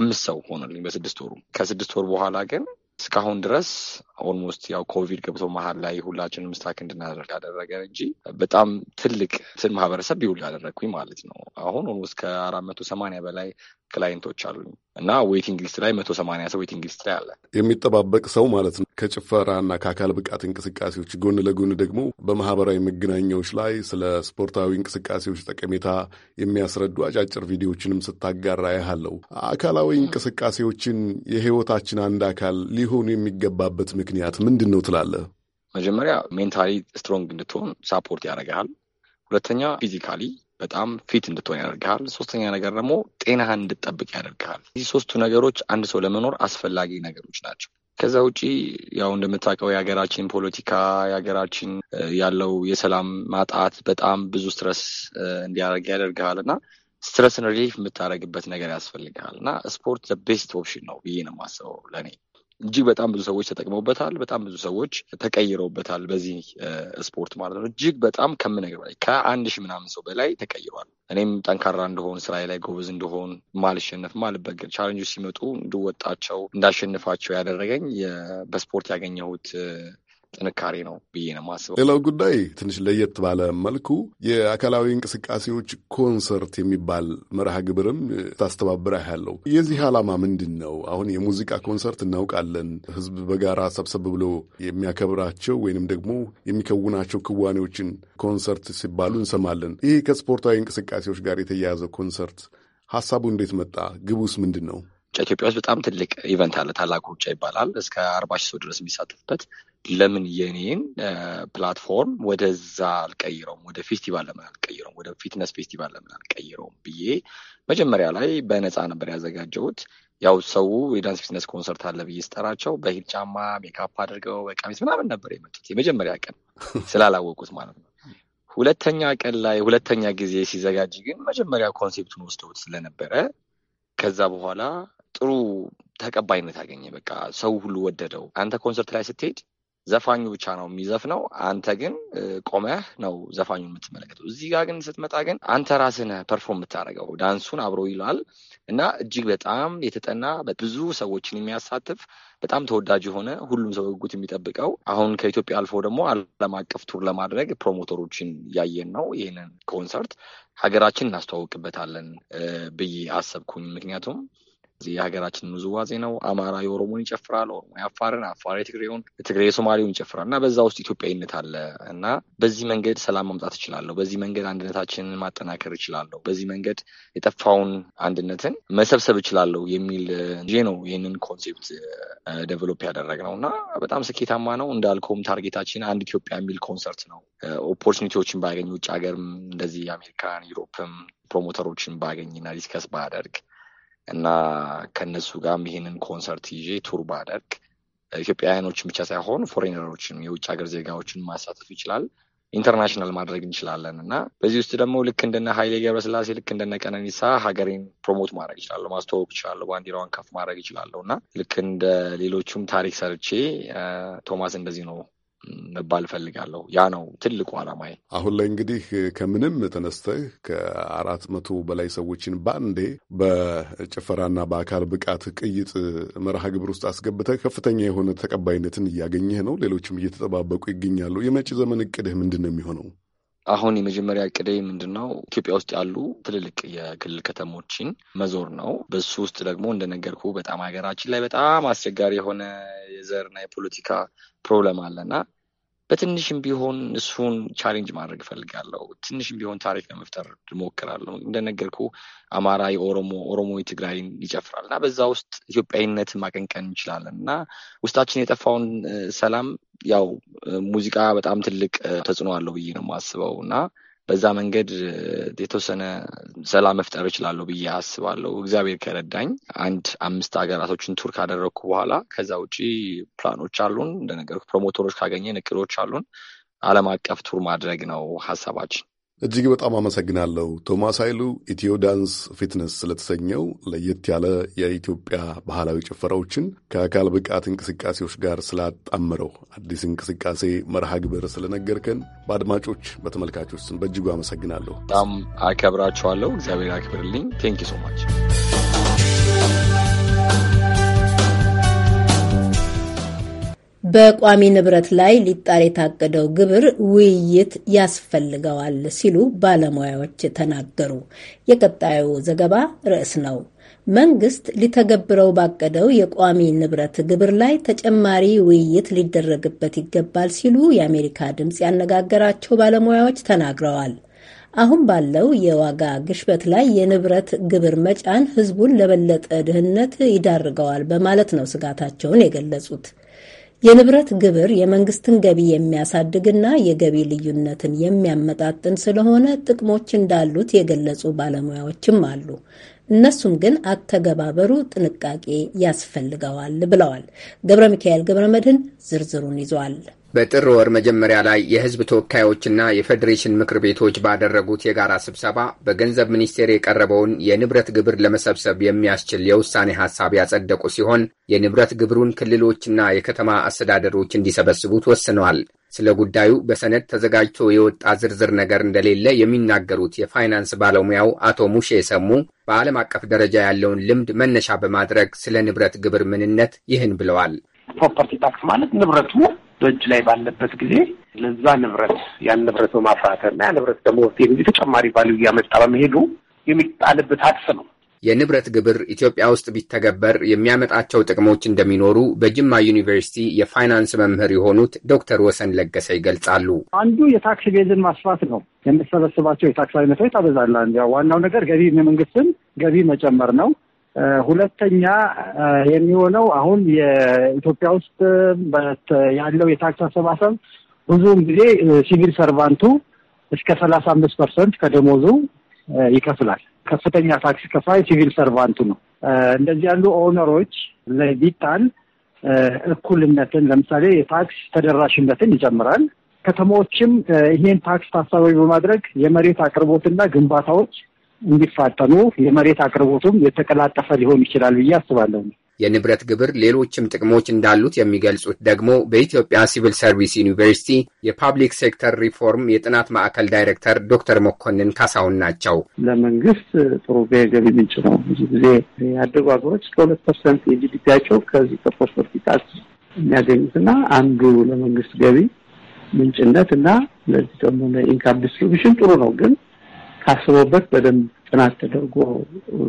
አምስት ሰው ሆነልኝ በስድስት ወሩ። ከስድስት ወር በኋላ ግን እስካሁን ድረስ ኦልሞስት ያው ኮቪድ ገብቶ መሀል ላይ ሁላችንም ምስታክ እንድናደርግ ያደረገ እንጂ በጣም ትልቅ ትን ማህበረሰብ ቢውል ያደረግኩኝ ማለት ነው። አሁን ኦልሞስት ከአራት መቶ ሰማኒያ በላይ ክላይንቶች አሉ እና ዌቲንግ ሊስት ላይ መቶ ሰማንያ ሰው ዌቲንግ ሊስት ላይ አለ። የሚጠባበቅ ሰው ማለት ነው። ከጭፈራና ከአካል ብቃት እንቅስቃሴዎች ጎን ለጎን ደግሞ በማህበራዊ መገናኛዎች ላይ ስለ ስፖርታዊ እንቅስቃሴዎች ጠቀሜታ የሚያስረዱ አጫጭር ቪዲዮዎችንም ስታጋራ ያህለው አካላዊ እንቅስቃሴዎችን የህይወታችን አንድ አካል ሊሆኑ የሚገባበት ምክንያት ምንድን ነው ትላለህ? መጀመሪያ ሜንታሊ ስትሮንግ እንድትሆን ሳፖርት ያደርግሃል። ሁለተኛ ፊዚካሊ በጣም ፊት እንድትሆን ያደርግሃል። ሶስተኛ ነገር ደግሞ ጤናህን እንድጠብቅ ያደርግሃል። እዚህ ሶስቱ ነገሮች አንድ ሰው ለመኖር አስፈላጊ ነገሮች ናቸው። ከዛ ውጪ ያው እንደምታውቀው የሀገራችን ፖለቲካ የሀገራችን ያለው የሰላም ማጣት በጣም ብዙ ስትረስ እንዲያደርግ ያደርግሃል እና ስትረስን ሪሊፍ የምታደርግበት ነገር ያስፈልግሃል እና ስፖርት ቤስት ኦፕሽን ነው ብዬ ነው የማስበው ለእኔ። እጅግ በጣም ብዙ ሰዎች ተጠቅመውበታል። በጣም ብዙ ሰዎች ተቀይረውበታል። በዚህ ስፖርት ማለት ነው። እጅግ በጣም ከምነገር በላይ ከአንድ ሺህ ምናምን ሰው በላይ ተቀይሯል። እኔም ጠንካራ እንደሆን ስራዬ ላይ ጎበዝ እንደሆን ማልሸነፍ፣ ማልበገር፣ ቻለንጆች ሲመጡ እንድወጣቸው እንዳሸንፋቸው ያደረገኝ በስፖርት ያገኘሁት ጥንካሬ ነው ብዬ ነው ማስበው። ሌላው ጉዳይ ትንሽ ለየት ባለ መልኩ የአካላዊ እንቅስቃሴዎች ኮንሰርት የሚባል መርሃ ግብርም ታስተባብራ ያለው የዚህ ዓላማ ምንድን ነው? አሁን የሙዚቃ ኮንሰርት እናውቃለን፣ ህዝብ በጋራ ሰብሰብ ብሎ የሚያከብራቸው ወይንም ደግሞ የሚከውናቸው ክዋኔዎችን ኮንሰርት ሲባሉ እንሰማለን። ይህ ከስፖርታዊ እንቅስቃሴዎች ጋር የተያያዘ ኮንሰርት ሀሳቡ እንዴት መጣ? ግቡስ ምንድን ነው? ኢትዮጵያ ውስጥ በጣም ትልቅ ኢቨንት አለ። ታላቁ ሩጫ ይባላል። እስከ አርባ ሺህ ሰው ድረስ የሚሳተፍበት ለምን የኔን ፕላትፎርም ወደዛ አልቀይረውም? ወደ ፌስቲቫል ለምን አልቀይረውም? ወደ ፊትነስ ፌስቲቫል ለምን አልቀይረውም ብዬ መጀመሪያ ላይ በነፃ ነበር ያዘጋጀሁት። ያው ሰው የዳንስ ፊትነስ ኮንሰርት አለ ብዬ ስጠራቸው በሂል ጫማ ሜካፕ አድርገው በቀሚስ ምናምን ነበር የመጡት፣ የመጀመሪያ ቀን [LAUGHS] ስላላወቁት ማለት ነው። ሁለተኛ ቀን ላይ ሁለተኛ ጊዜ ሲዘጋጅ ግን መጀመሪያ ኮንሴፕቱን ወስደውት ስለነበረ ከዛ በኋላ ጥሩ ተቀባይነት አገኘ። በቃ ሰው ሁሉ ወደደው። አንተ ኮንሰርት ላይ ስትሄድ ዘፋኙ ብቻ ነው የሚዘፍነው። አንተ ግን ቆመህ ነው ዘፋኙ የምትመለከተው። እዚህ ጋር ግን ስትመጣ ግን አንተ ራስነ ፐርፎርም የምታደርገው። ዳንሱን አብሮ ይላል እና እጅግ በጣም የተጠና ብዙ ሰዎችን የሚያሳትፍ በጣም ተወዳጅ የሆነ ሁሉም ሰው ጉት የሚጠብቀው አሁን ከኢትዮጵያ አልፎ ደግሞ ዓለም አቀፍ ቱር ለማድረግ ፕሮሞተሮችን ያየን ነው። ይህንን ኮንሰርት ሀገራችን እናስተዋውቅበታለን ብዬ አሰብኩኝ። ምክንያቱም የሀገራችን ውዝዋዜ ነው። አማራ የኦሮሞን ይጨፍራል፣ ኦሮሞ የአፋርን፣ አፋር የትግሬውን፣ ትግሬ የሶማሌውን ይጨፍራል እና በዛ ውስጥ ኢትዮጵያዊነት አለ እና በዚህ መንገድ ሰላም ማምጣት እችላለሁ፣ በዚህ መንገድ አንድነታችንን ማጠናከር እችላለሁ፣ በዚህ መንገድ የጠፋውን አንድነትን መሰብሰብ እችላለሁ የሚል እንጂ ነው ይህንን ኮንሴፕት ደቨሎፕ uh, ያደረግነው እና በጣም ስኬታማ ነው። እንዳልከውም ታርጌታችን አንድ ኢትዮጵያ የሚል ኮንሰርት ነው። ኦፖርቹኒቲዎችን uh, ባገኝ ውጭ ሀገርም እንደዚህ አሜሪካን ዩሮፕም ፕሮሞተሮችን ባገኝና ዲስከስ ባያደርግ እና ከነሱ ጋርም ይህንን ኮንሰርት ይዤ ቱር ባደርግ ኢትዮጵያውያኖችን ብቻ ሳይሆን ፎሬነሮችን የውጭ ሀገር ዜጋዎችን ማሳተፍ ይችላል፣ ኢንተርናሽናል ማድረግ እንችላለን እና በዚህ ውስጥ ደግሞ ልክ እንደነ ኃይሌ ገብረስላሴ ልክ እንደነ ቀነኒሳ ሀገሬን ፕሮሞት ማድረግ ይችላለሁ፣ ማስተዋወቅ ይችላለሁ፣ ባንዲራዋን ከፍ ማድረግ ይችላለሁ እና ልክ እንደ ሌሎቹም ታሪክ ሰርቼ ቶማስ እንደዚህ ነው መባል እፈልጋለሁ። ያ ነው ትልቁ አላማዬ። አሁን ላይ እንግዲህ ከምንም ተነስተህ ከአራት መቶ በላይ ሰዎችን በአንዴ በጭፈራና በአካል ብቃት ቅይጥ መርሃ ግብር ውስጥ አስገብተህ ከፍተኛ የሆነ ተቀባይነትን እያገኘህ ነው። ሌሎችም እየተጠባበቁ ይገኛሉ። የመጪ ዘመን እቅድህ ምንድን ነው የሚሆነው? አሁን የመጀመሪያ እቅዴ ምንድን ነው? ኢትዮጵያ ውስጥ ያሉ ትልልቅ የክልል ከተሞችን መዞር ነው። በሱ ውስጥ ደግሞ እንደነገርኩ በጣም ሀገራችን ላይ በጣም አስቸጋሪ የሆነ የዘርና የፖለቲካ ፕሮብለም አለና በትንሽም ቢሆን እሱን ቻሌንጅ ማድረግ እፈልጋለሁ። ትንሽም ቢሆን ታሪክ ለመፍጠር እሞክራለሁ። እንደነገርኩ አማራ የኦሮሞ ኦሮሞ የትግራይን ይጨፍራል እና በዛ ውስጥ ኢትዮጵያዊነትን ማቀንቀን እንችላለን እና ውስጣችን የጠፋውን ሰላም ያው ሙዚቃ በጣም ትልቅ ተጽዕኖ አለው ብዬ ነው የማስበው እና በዛ መንገድ የተወሰነ ሰላም መፍጠር እችላለሁ ብዬ አስባለሁ። እግዚአብሔር ከረዳኝ አንድ አምስት ሀገራቶችን ቱር ካደረግኩ በኋላ ከዛ ውጭ ፕላኖች አሉን። እንደነገርኩ ፕሮሞተሮች ካገኘን እቅዶች አሉን። ዓለም አቀፍ ቱር ማድረግ ነው ሀሳባችን። እጅግ በጣም አመሰግናለሁ ቶማስ ኃይሉ። ኢትዮ ዳንስ ፊትነስ ስለተሰኘው ለየት ያለ የኢትዮጵያ ባህላዊ ጭፈራዎችን ከአካል ብቃት እንቅስቃሴዎች ጋር ስላጣምረው አዲስ እንቅስቃሴ መርሃ ግብር ስለነገርከን በአድማጮች በተመልካቾች ስም በእጅጉ አመሰግናለሁ። በጣም አከብራችኋለሁ። እግዚአብሔር አክብርልኝ። ቴንኪ ሶ ማች በቋሚ ንብረት ላይ ሊጣል የታቀደው ግብር ውይይት ያስፈልገዋል ሲሉ ባለሙያዎች ተናገሩ። የቀጣዩ ዘገባ ርዕስ ነው። መንግስት ሊተገብረው ባቀደው የቋሚ ንብረት ግብር ላይ ተጨማሪ ውይይት ሊደረግበት ይገባል ሲሉ የአሜሪካ ድምፅ ያነጋገራቸው ባለሙያዎች ተናግረዋል። አሁን ባለው የዋጋ ግሽበት ላይ የንብረት ግብር መጫን ህዝቡን ለበለጠ ድህነት ይዳርገዋል በማለት ነው ስጋታቸውን የገለጹት። የንብረት ግብር የመንግስትን ገቢ የሚያሳድግና የገቢ ልዩነትን የሚያመጣጥን ስለሆነ ጥቅሞች እንዳሉት የገለጹ ባለሙያዎችም አሉ። እነሱም ግን አተገባበሩ ጥንቃቄ ያስፈልገዋል ብለዋል። ገብረ ሚካኤል ገብረ መድህን ዝርዝሩን ይዟል። በጥር ወር መጀመሪያ ላይ የሕዝብ ተወካዮችና የፌዴሬሽን ምክር ቤቶች ባደረጉት የጋራ ስብሰባ በገንዘብ ሚኒስቴር የቀረበውን የንብረት ግብር ለመሰብሰብ የሚያስችል የውሳኔ ሀሳብ ያጸደቁ ሲሆን የንብረት ግብሩን ክልሎችና የከተማ አስተዳደሮች እንዲሰበስቡት ወስነዋል። ስለ ጉዳዩ በሰነድ ተዘጋጅቶ የወጣ ዝርዝር ነገር እንደሌለ የሚናገሩት የፋይናንስ ባለሙያው አቶ ሙሼ ሰሙ በዓለም አቀፍ ደረጃ ያለውን ልምድ መነሻ በማድረግ ስለ ንብረት ግብር ምንነት ይህን ብለዋል። ፕሮፐርቲ ታክስ ማለት ንብረቱ በእጅ ላይ ባለበት ጊዜ ለዛ ንብረት ያን ንብረት በማፍራተ ና ያ ንብረት ደግሞ እንግዲህ ተጨማሪ ቫልዩ እያመጣ በመሄዱ የሚጣልበት ታክስ ነው። የንብረት ግብር ኢትዮጵያ ውስጥ ቢተገበር የሚያመጣቸው ጥቅሞች እንደሚኖሩ በጅማ ዩኒቨርሲቲ የፋይናንስ መምህር የሆኑት ዶክተር ወሰን ለገሰ ይገልጻሉ። አንዱ የታክስ ቤዝን ማስፋት ነው። የምትሰበስባቸው የታክስ አይነቶች ታበዛለህ። ዋናው ነገር ገቢ የመንግስትን ገቢ መጨመር ነው። ሁለተኛ የሚሆነው አሁን የኢትዮጵያ ውስጥ ያለው የታክስ አሰባሰብ ብዙውን ጊዜ ሲቪል ሰርቫንቱ እስከ ሰላሳ አምስት ፐርሰንት ከደሞዙ ይከፍላል። ከፍተኛ ታክስ ከፋይ ሲቪል ሰርቫንቱ ነው። እንደዚህ ያሉ ኦነሮች ለቢጣል እኩልነትን ለምሳሌ የታክስ ተደራሽነትን ይጨምራል። ከተሞችም ይሄን ታክስ ታሳቢ በማድረግ የመሬት አቅርቦትና ግንባታዎች እንዲፋጠኑ የመሬት አቅርቦቱም የተቀላጠፈ ሊሆን ይችላል ብዬ አስባለሁ። የንብረት ግብር ሌሎችም ጥቅሞች እንዳሉት የሚገልጹት ደግሞ በኢትዮጵያ ሲቪል ሰርቪስ ዩኒቨርሲቲ የፓብሊክ ሴክተር ሪፎርም የጥናት ማዕከል ዳይሬክተር ዶክተር መኮንን ካሳሁን ናቸው። ለመንግስት ጥሩ ገቢ ምንጭ ነው። ብዙ ጊዜ ያደጉ ሀገሮች ከሁለት ፐርሰንት የጂዲፒያቸው ከዚህ ከፖስፖርት ታክስ የሚያገኙትና አንዱ ለመንግስት ገቢ ምንጭነት እና ለዚህ ደግሞ ለኢንካም ዲስትሪቢሽን ጥሩ ነው ግን ታስቦበት በደንብ ጥናት ተደርጎ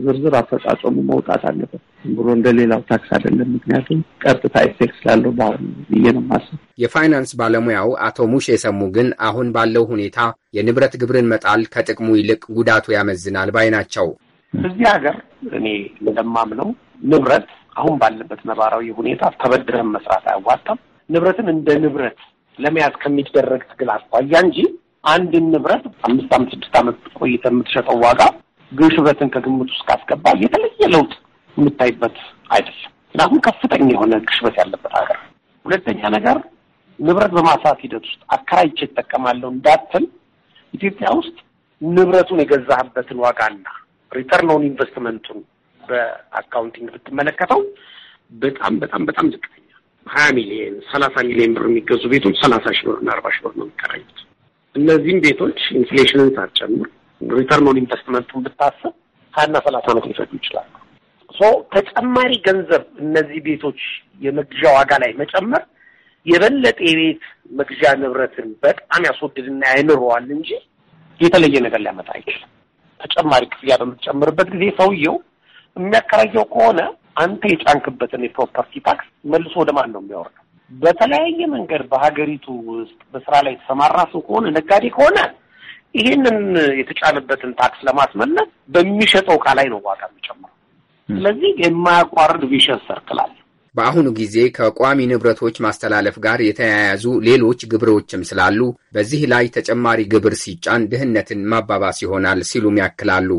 ዝርዝር አፈጻጸሙ መውጣት አለበት። ብሎ ሌላው ታክስ አይደለም። ምክንያቱም ቀጥታ ኢፌክት ስላለው በአሁኑ ብዬ ነው ማሰብ። የፋይናንስ ባለሙያው አቶ ሙሽ የሰሙ ግን አሁን ባለው ሁኔታ የንብረት ግብርን መጣል ከጥቅሙ ይልቅ ጉዳቱ ያመዝናል ባይ ናቸው። እዚህ ሀገር እኔ እንደማምነው ንብረት አሁን ባለበት ነባራዊ ሁኔታ ተበድረን መስራት አያዋጣም። ንብረትን እንደ ንብረት ለመያዝ ከሚደረግ ትግል አኳያ እንጂ አንድን ንብረት አምስት ዓመት ስድስት ዓመት ቆይተ የምትሸጠው ዋጋ ግሽበትን ከግምት ውስጥ ካስገባ የተለየ ለውጥ የምታይበት አይደለም። ምክንያቱም ከፍተኛ የሆነ ግሽበት ያለበት ሀገር። ሁለተኛ ነገር ንብረት በማሳት ሂደት ውስጥ አከራይቼ እጠቀማለሁ እንዳትል ኢትዮጵያ ውስጥ ንብረቱን የገዛህበትን ዋጋና ሪተርን ኦን ኢንቨስትመንቱን በአካውንቲንግ ብትመለከተው በጣም በጣም በጣም ዝቅተኛ ሀያ ሚሊየን ሰላሳ ሚሊየን ብር የሚገዙ ቤቶች ሰላሳ ሺ ብር እና አርባ ሺ ብር ነው የሚከራዩት። እነዚህም ቤቶች ኢንፍሌሽንን ሳትጨምር ሪተርን ኦን ኢንቨስትመንቱን ብታስብ ሀያና ሰላሳ ዓመት ሊፈጁ ይችላሉ። ተጨማሪ ገንዘብ እነዚህ ቤቶች የመግዣ ዋጋ ላይ መጨመር የበለጠ የቤት መግዣ ንብረትን በጣም ያስወድድና ያንረዋል እንጂ የተለየ ነገር ሊያመጣ አይችልም። ተጨማሪ ክፍያ በምትጨምርበት ጊዜ ሰውየው የሚያከራየው ከሆነ አንተ የጫንክበትን የፕሮፐርቲ ታክስ መልሶ ወደ ማን ነው የሚያወርደው? በተለያየ መንገድ በሀገሪቱ ውስጥ በስራ ላይ የተሰማራ ሰው ከሆነ ነጋዴ ከሆነ ይህንን የተጫነበትን ታክስ ለማስመለስ በሚሸጠው እቃ ላይ ነው ዋጋ የሚጨምረው። ስለዚህ የማያቋርጥ ቪሸስ ሰርክላል። በአሁኑ ጊዜ ከቋሚ ንብረቶች ማስተላለፍ ጋር የተያያዙ ሌሎች ግብሮችም ስላሉ በዚህ ላይ ተጨማሪ ግብር ሲጫን ድህነትን ማባባስ ይሆናል ሲሉም ያክላሉ።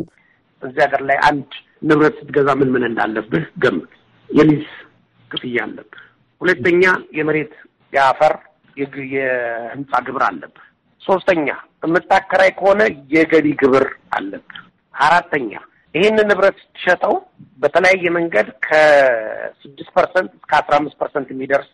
እዚህ ሀገር ላይ አንድ ንብረት ስትገዛ ምን ምን እንዳለብህ ገምት። የሊዝ ክፍያ አለብህ ሁለተኛ የመሬት የአፈር የህንፃ ግብር አለብህ። ሶስተኛ የምታከራይ ከሆነ የገቢ ግብር አለብህ። አራተኛ ይህንን ንብረት ስትሸጠው በተለያየ መንገድ ከስድስት ፐርሰንት እስከ አስራ አምስት ፐርሰንት የሚደርስ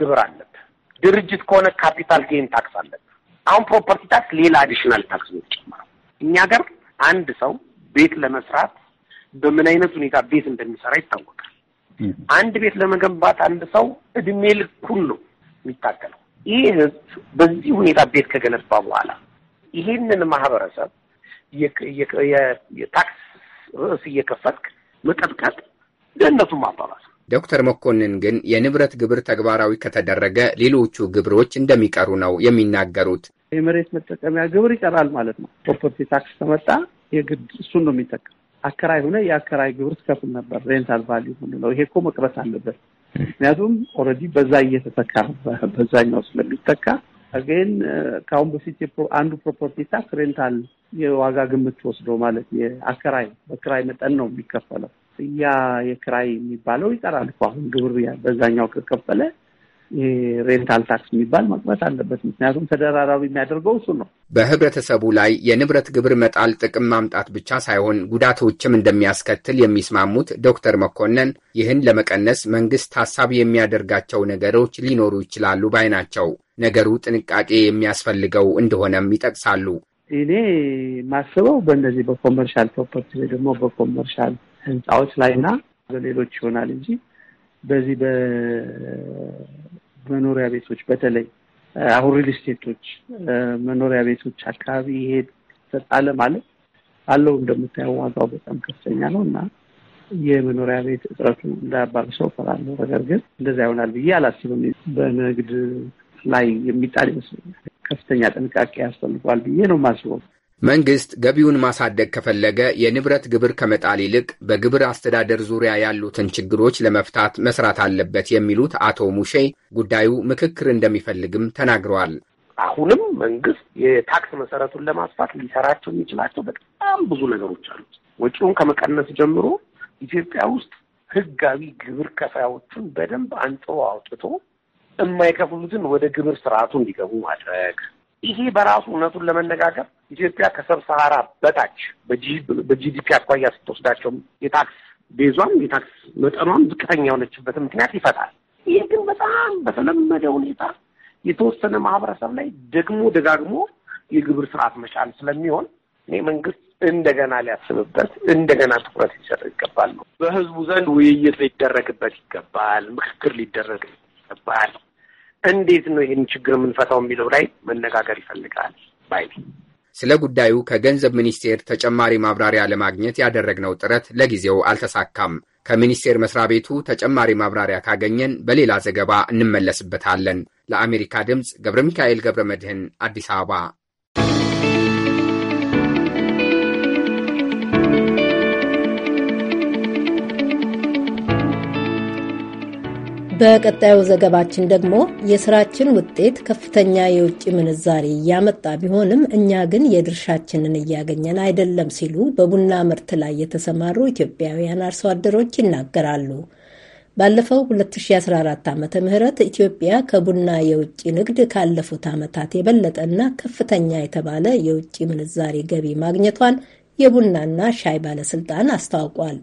ግብር አለብህ። ድርጅት ከሆነ ካፒታል ጌን ታክስ አለብህ። አሁን ፕሮፐርቲ ታክስ ሌላ አዲሽናል ታክስ ነው የተጨመረው። እኛ ሀገር አንድ ሰው ቤት ለመስራት በምን አይነት ሁኔታ ቤት እንደሚሰራ ይታወቃል። አንድ ቤት ለመገንባት አንድ ሰው እድሜ ልኩን ነው የሚታገለው። ይህ ህዝብ በዚህ ሁኔታ ቤት ከገነባ በኋላ ይህንን ማህበረሰብ የታክስ ርዕስ እየከፈትክ መቀጥቀጥ ደህንነቱን ማባባስ። ዶክተር መኮንን ግን የንብረት ግብር ተግባራዊ ከተደረገ ሌሎቹ ግብሮች እንደሚቀሩ ነው የሚናገሩት። የመሬት መጠቀሚያ ግብር ይቀራል ማለት ነው። ፕሮፐርቲ ታክስ ተመጣ የግድ እሱን ነው የሚጠቀም አከራይ ሆነ የአከራይ ግብር ትከፍል ነበር። ሬንታል ቫሊዩ ነው። ይሄ እኮ መቅረት አለበት። ምክንያቱም ኦልሬዲ በዛ እየተተካ በዛኛው ስለሚተካ አገን ከአሁን በፊት አንዱ ፕሮፐርቲ ታክስ ሬንታል የዋጋ ግምት ወስዶ ማለት የአከራይ በክራይ መጠን ነው የሚከፈለው። ያ የክራይ የሚባለው ይቀራል እኮ አሁን ግብር በዛኛው ከከፈለ ሬንታል ታክስ የሚባል መቅረት አለበት። ምክንያቱም ተደራራቢ የሚያደርገው እሱ ነው። በህብረተሰቡ ላይ የንብረት ግብር መጣል ጥቅም ማምጣት ብቻ ሳይሆን ጉዳቶችም እንደሚያስከትል የሚስማሙት ዶክተር መኮንን ይህን ለመቀነስ መንግስት ታሳቢ የሚያደርጋቸው ነገሮች ሊኖሩ ይችላሉ ባይ ናቸው። ነገሩ ጥንቃቄ የሚያስፈልገው እንደሆነም ይጠቅሳሉ። እኔ ማስበው በእነዚህ በኮመርሻል ፕሮፐርቲ ወይ ደግሞ በኮመርሻል ህንፃዎች ላይና በሌሎች ይሆናል እንጂ በዚህ በመኖሪያ ቤቶች በተለይ አሁን ሪል ስቴቶች መኖሪያ ቤቶች አካባቢ ይሄ ተጣለ ማለት አለው እንደምታየው ዋጋው በጣም ከፍተኛ ነው እና የመኖሪያ ቤት እጥረቱ እንዳያባብሰው እፈራለሁ። ነገር ግን እንደዛ ይሆናል ብዬ አላስብም። በንግድ ላይ የሚጣል ይመስለኛል። ከፍተኛ ጥንቃቄ ያስፈልጓል ብዬ ነው የማስበው። መንግስት ገቢውን ማሳደግ ከፈለገ የንብረት ግብር ከመጣል ይልቅ በግብር አስተዳደር ዙሪያ ያሉትን ችግሮች ለመፍታት መስራት አለበት የሚሉት አቶ ሙሼ ጉዳዩ ምክክር እንደሚፈልግም ተናግረዋል። አሁንም መንግስት የታክስ መሰረቱን ለማስፋት ሊሰራቸው የሚችላቸው በጣም ብዙ ነገሮች አሉት። ወጪውን ከመቀነስ ጀምሮ ኢትዮጵያ ውስጥ ህጋዊ ግብር ከፋዮቹን በደንብ አንጥሮ አውጥቶ የማይከፍሉትን ወደ ግብር ስርዓቱ እንዲገቡ ማድረግ ይሄ በራሱ እውነቱን ለመነጋገር ኢትዮጵያ ከሰብ ሰሃራ በታች በጂዲፒ አኳያ ስትወስዳቸው የታክስ ቤዟም የታክስ መጠኗም ዝቅተኛ የሆነችበትም ምክንያት ይፈታል። ይህ ግን በጣም በተለመደ ሁኔታ የተወሰነ ማህበረሰብ ላይ ደግሞ ደጋግሞ የግብር ስርዓት መቻል ስለሚሆን እኔ መንግስት እንደገና ሊያስብበት እንደገና ትኩረት ሊሰጥ ይገባል ነው። በህዝቡ ዘንድ ውይይት ሊደረግበት ይገባል። ምክክር ሊደረግ ይገባል። እንዴት ነው ይህን ችግር የምንፈታው የሚለው ላይ መነጋገር ይፈልጋል ባይ ስለ ጉዳዩ ከገንዘብ ሚኒስቴር ተጨማሪ ማብራሪያ ለማግኘት ያደረግነው ጥረት ለጊዜው አልተሳካም። ከሚኒስቴር መስሪያ ቤቱ ተጨማሪ ማብራሪያ ካገኘን በሌላ ዘገባ እንመለስበታለን። ለአሜሪካ ድምፅ ገብረ ሚካኤል ገብረ መድህን አዲስ አበባ በቀጣዩ ዘገባችን ደግሞ የስራችን ውጤት ከፍተኛ የውጭ ምንዛሪ እያመጣ ቢሆንም እኛ ግን የድርሻችንን እያገኘን አይደለም ሲሉ በቡና ምርት ላይ የተሰማሩ ኢትዮጵያውያን አርሶ አደሮች ይናገራሉ። ባለፈው 2014 ዓ ም ኢትዮጵያ ከቡና የውጭ ንግድ ካለፉት ዓመታት የበለጠና ከፍተኛ የተባለ የውጭ ምንዛሪ ገቢ ማግኘቷን የቡናና ሻይ ባለስልጣን አስታውቋል።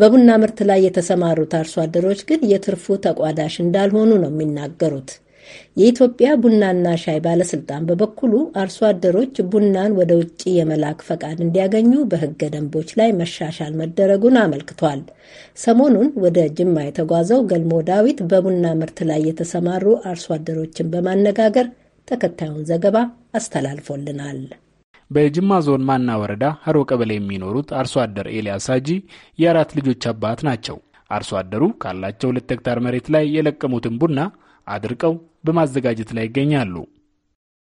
በቡና ምርት ላይ የተሰማሩት አርሶ አደሮች ግን የትርፉ ተቋዳሽ እንዳልሆኑ ነው የሚናገሩት። የኢትዮጵያ ቡናና ሻይ ባለስልጣን በበኩሉ አርሶ አደሮች ቡናን ወደ ውጭ የመላክ ፈቃድ እንዲያገኙ በሕገ ደንቦች ላይ መሻሻል መደረጉን አመልክቷል። ሰሞኑን ወደ ጅማ የተጓዘው ገልሞ ዳዊት በቡና ምርት ላይ የተሰማሩ አርሶ አደሮችን በማነጋገር ተከታዩን ዘገባ አስተላልፎልናል። በጅማ ዞን ማና ወረዳ ሀሮ ቀበሌ የሚኖሩት አርሶ አደር ኤልያስ ሳጂ የአራት ልጆች አባት ናቸው። አርሶ አደሩ ካላቸው ሁለት ሄክታር መሬት ላይ የለቀሙትን ቡና አድርቀው በማዘጋጀት ላይ ይገኛሉ።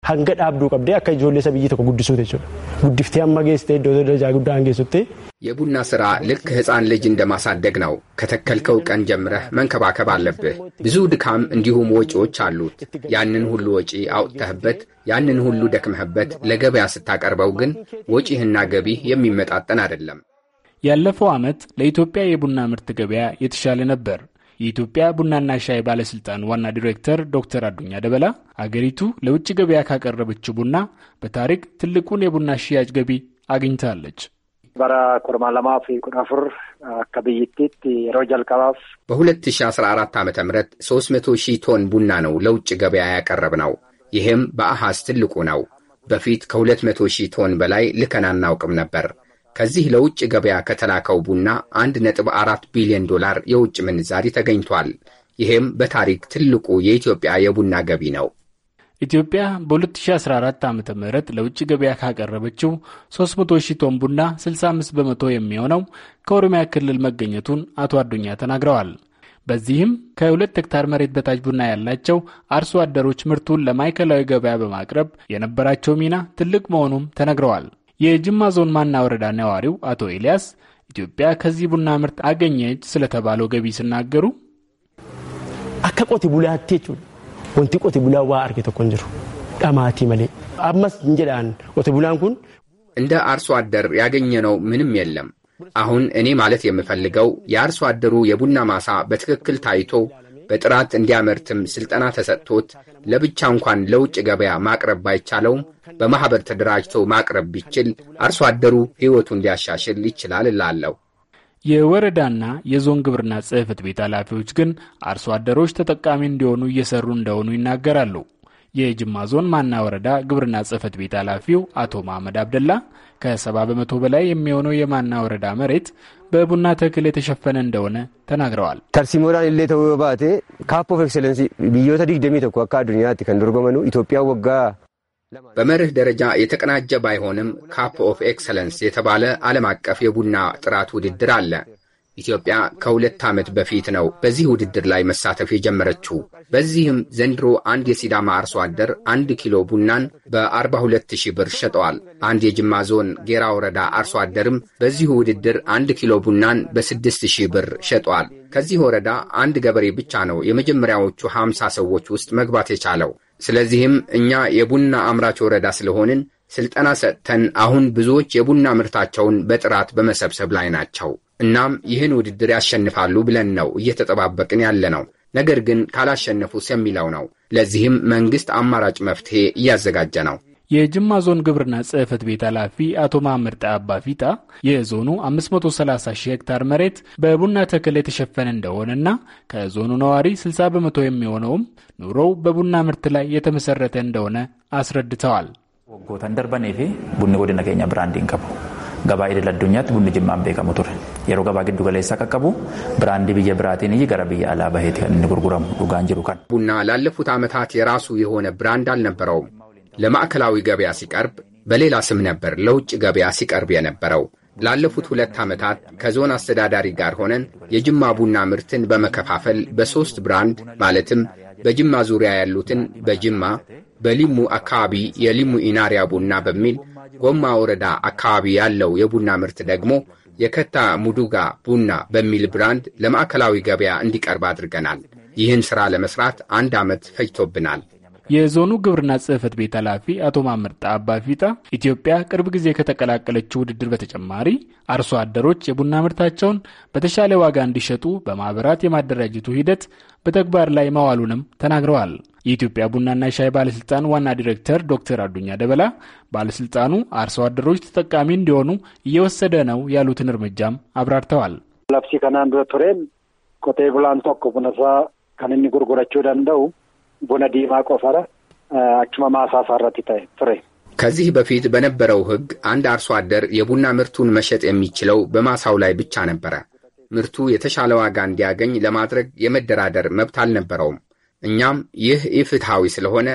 hanga dhaabduu qabdee akka ijoollee sabiyyi tokko guddisuu jechuudha. Guddiftee amma geessitee iddoo darajaa guddaa hangeessuttee. የቡና ሥራ ልክ ህፃን ልጅ እንደማሳደግ ነው። ከተከልከው ቀን ጀምረህ መንከባከብ አለብህ። ብዙ ድካም እንዲሁም ወጪዎች አሉት። ያንን ሁሉ ወጪ አውጥተህበት ያንን ሁሉ ደክመህበት ለገበያ ስታቀርበው ግን ወጪህና ገቢህ የሚመጣጠን አይደለም። ያለፈው ዓመት ለኢትዮጵያ የቡና ምርት ገበያ የተሻለ ነበር። የኢትዮጵያ ቡናና ሻይ ባለስልጣን ዋና ዲሬክተር ዶክተር አዱኛ ደበላ አገሪቱ ለውጭ ገበያ ካቀረበችው ቡና በታሪክ ትልቁን የቡና ሽያጭ ገቢ አግኝታለች። በ2014 ዓ ም 300 ሺህ ቶን ቡና ነው ለውጭ ገበያ ያቀረብ ነው። ይህም በአሃዝ ትልቁ ነው። በፊት ከ200 ሺህ ቶን በላይ ልከን አናውቅም ነበር። ከዚህ ለውጭ ገበያ ከተላከው ቡና 1.4 ቢሊዮን ዶላር የውጭ ምንዛሪ ተገኝቷል። ይህም በታሪክ ትልቁ የኢትዮጵያ የቡና ገቢ ነው። ኢትዮጵያ በ2014 ዓ ም ለውጭ ገበያ ካቀረበችው 300 ሺህ ቶን ቡና 65 በመቶ የሚሆነው ከኦሮሚያ ክልል መገኘቱን አቶ አዱኛ ተናግረዋል። በዚህም ከሁለት ሄክታር መሬት በታች ቡና ያላቸው አርሶ አደሮች ምርቱን ለማዕከላዊ ገበያ በማቅረብ የነበራቸው ሚና ትልቅ መሆኑም ተነግረዋል። የጅማ ዞን ማና ወረዳ ነዋሪው አቶ ኤልያስ ኢትዮጵያ ከዚህ ቡና ምርት አገኘች ስለተባለው ገቢ ሲናገሩ ቆት ቡላ ቴቹ ወንቲ ቆት ቡላ ዋ አርገ ተኮን ጅሩ ቀማቲ መሌ አመስ እንጀዳን ቆቴ ቡላን ኩን እንደ አርሶ አደር ያገኘነው ምንም የለም። አሁን እኔ ማለት የምፈልገው የአርሶ አደሩ የቡና ማሳ በትክክል ታይቶ በጥራት እንዲያመርትም ስልጠና ተሰጥቶት ለብቻ እንኳን ለውጭ ገበያ ማቅረብ ባይቻለውም በማኅበር ተደራጅቶ ማቅረብ ቢችል አርሶ አደሩ ሕይወቱ ሊያሻሽል ይችላል እላለሁ። የወረዳና የዞን ግብርና ጽሕፈት ቤት ኃላፊዎች ግን አርሶ አደሮች ተጠቃሚ እንዲሆኑ እየሰሩ እንደሆኑ ይናገራሉ። የጅማ ዞን ማና ወረዳ ግብርና ጽሕፈት ቤት ኃላፊው አቶ መሐመድ አብደላ ከሰባ በመቶ በላይ የሚሆነው የማና ወረዳ መሬት በቡና ተክል የተሸፈነ እንደሆነ ተናግረዋል። ተርሲሞዳ ሌ ተውዮ ባቴ ካፕ ኦፍ ኤክሰለንሲ ብዮተ ዲግደሚ ተኩ አካ አዱኒያት ከንዶርጎመኑ ኢትዮጵያ ወጋ በመርህ ደረጃ የተቀናጀ ባይሆንም ካፕ ኦፍ ኤክሰለንስ የተባለ ዓለም አቀፍ የቡና ጥራት ውድድር አለ። ኢትዮጵያ ከሁለት ዓመት በፊት ነው በዚህ ውድድር ላይ መሳተፍ የጀመረችው። በዚህም ዘንድሮ አንድ የሲዳማ አርሶ አደር አንድ ኪሎ ቡናን በ42 ሺህ ብር ሸጠዋል። አንድ የጅማ ዞን ጌራ ወረዳ አርሶ አደርም በዚሁ ውድድር አንድ ኪሎ ቡናን በ6 ሺህ ብር ሸጠዋል። ከዚህ ወረዳ አንድ ገበሬ ብቻ ነው የመጀመሪያዎቹ 50 ሰዎች ውስጥ መግባት የቻለው። ስለዚህም እኛ የቡና አምራች ወረዳ ስለሆንን ስልጠና ሰጥተን አሁን ብዙዎች የቡና ምርታቸውን በጥራት በመሰብሰብ ላይ ናቸው። እናም ይህን ውድድር ያሸንፋሉ ብለን ነው እየተጠባበቅን ያለ ነው። ነገር ግን ካላሸነፉስ የሚለው ነው። ለዚህም መንግሥት አማራጭ መፍትሄ እያዘጋጀ ነው። የጅማ ዞን ግብርና ጽህፈት ቤት ኃላፊ አቶ ማምር ጣባ ፊጣ የዞኑ 530 ሺህ ሄክታር መሬት በቡና ተክል የተሸፈነ እንደሆነና ከዞኑ ነዋሪ 60 በመቶ የሚሆነውም ኑሮው በቡና ምርት ላይ የተመሰረተ እንደሆነ አስረድተዋል። Waggootaan darbanii fi bunni godina keenya biraandiin qabu. Gabaa idil addunyaatti bunni jimmaan beekamu ture. Yeroo gabaa giddu galeessaa qaqqabu biraandii biyya biraatiin iyyuu gara biyya alaa baheeti kan inni gurguramu dhugaan jiru kan. ቡና ላለፉት ዓመታት የራሱ የሆነ ብራንድ አልነበረውም። ለማዕከላዊ ገበያ ሲቀርብ በሌላ ስም ነበር ለውጭ ገበያ ሲቀርብ የነበረው። ላለፉት ሁለት ዓመታት ከዞን አስተዳዳሪ ጋር ሆነን የጅማ ቡና ምርትን በመከፋፈል በሦስት ብራንድ ማለትም በጅማ ዙሪያ ያሉትን በጅማ በሊሙ አካባቢ የሊሙ ኢናሪያ ቡና በሚል ጎማ ወረዳ አካባቢ ያለው የቡና ምርት ደግሞ የከታ ሙዱጋ ቡና በሚል ብራንድ ለማዕከላዊ ገበያ እንዲቀርብ አድርገናል። ይህን ሥራ ለመሥራት አንድ ዓመት ፈጅቶብናል። የዞኑ ግብርና ጽሕፈት ቤት ኃላፊ አቶ ማምርጣ አባፊጣ ኢትዮጵያ ቅርብ ጊዜ ከተቀላቀለችው ውድድር በተጨማሪ አርሶ አደሮች የቡና ምርታቸውን በተሻለ ዋጋ እንዲሸጡ በማህበራት የማደራጀቱ ሂደት በተግባር ላይ መዋሉንም ተናግረዋል። የኢትዮጵያ ቡናና ሻይ ባለስልጣን ዋና ዲሬክተር ዶክተር አዱኛ ደበላ ባለስልጣኑ አርሶ አደሮች ተጠቃሚ እንዲሆኑ እየወሰደ ነው ያሉትን እርምጃም አብራርተዋል። ለፍሲ ከናንዱ ቱሬን ቆቴ ቡላን ቶኮ ቡነሳ ከንኒ ጉርጉረችው ደንደው ቡነ ዲማ ቆፈረ አችመ maasaa ይታይ ፍሬ ከዚህ በፊት በነበረው ህግ አንድ አርሶ አደር የቡና ምርቱን መሸጥ የሚችለው በማሳው ላይ ብቻ ነበረ። ምርቱ የተሻለ ዋጋ እንዲያገኝ ለማድረግ የመደራደር መብት አልነበረውም። እኛም ይህ ኢፍትሐዊ ስለሆነ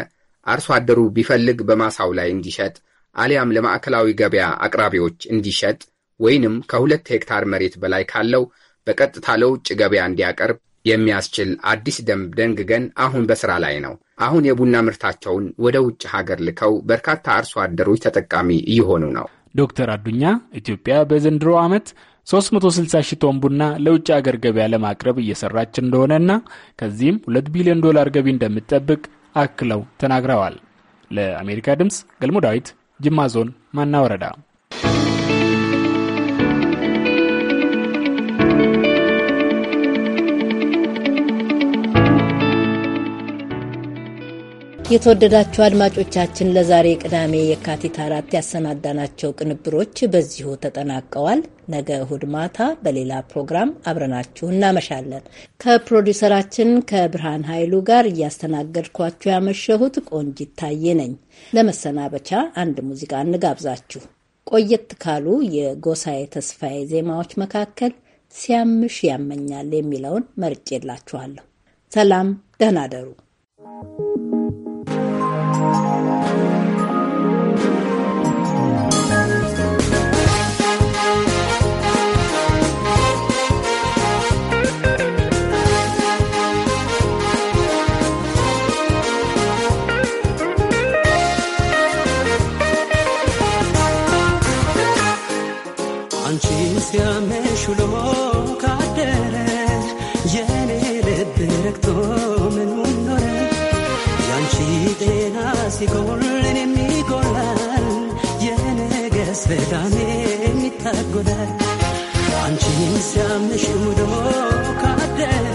አርሶ አደሩ ቢፈልግ በማሳው ላይ እንዲሸጥ አሊያም ለማዕከላዊ ገበያ አቅራቢዎች እንዲሸጥ ወይንም ከሁለት ሄክታር መሬት በላይ ካለው በቀጥታ ለውጭ ገበያ እንዲያቀርብ የሚያስችል አዲስ ደንብ ደንግገን አሁን በስራ ላይ ነው። አሁን የቡና ምርታቸውን ወደ ውጭ ሀገር ልከው በርካታ አርሶ አደሮች ተጠቃሚ እየሆኑ ነው። ዶክተር አዱኛ ኢትዮጵያ በዘንድሮ ዓመት 360 ሺህ ቶን ቡና ለውጭ ሀገር ገበያ ለማቅረብ እየሰራች እንደሆነና ከዚህም 2 ቢሊዮን ዶላር ገቢ እንደምትጠብቅ አክለው ተናግረዋል። ለአሜሪካ ድምፅ ገልሞ ዳዊት ጅማ ዞን ማና ወረዳ የተወደዳችሁ አድማጮቻችን ለዛሬ ቅዳሜ የካቲት አራት ያሰናዳናቸው ቅንብሮች በዚሁ ተጠናቀዋል። ነገ እሁድ ማታ በሌላ ፕሮግራም አብረናችሁ እናመሻለን። ከፕሮዲውሰራችን ከብርሃን ኃይሉ ጋር እያስተናገድኳችሁ ያመሸሁት ቆንጂት ታዬ ነኝ። ለመሰናበቻ አንድ ሙዚቃ እንጋብዛችሁ። ቆየት ካሉ የጎሳዬ ተስፋዬ ዜማዎች መካከል ሲያምሽ ያመኛል የሚለውን መርጬላችኋለሁ። ሰላም፣ ደህና you ሲያመሽ ውሎ ካደረ የኔ ልብ ረግቶ ሲጎልን የሚጎላል የነገስ በጣም የሚታጎዳል አንቺን ሲያምሽ ውሎ ካደረ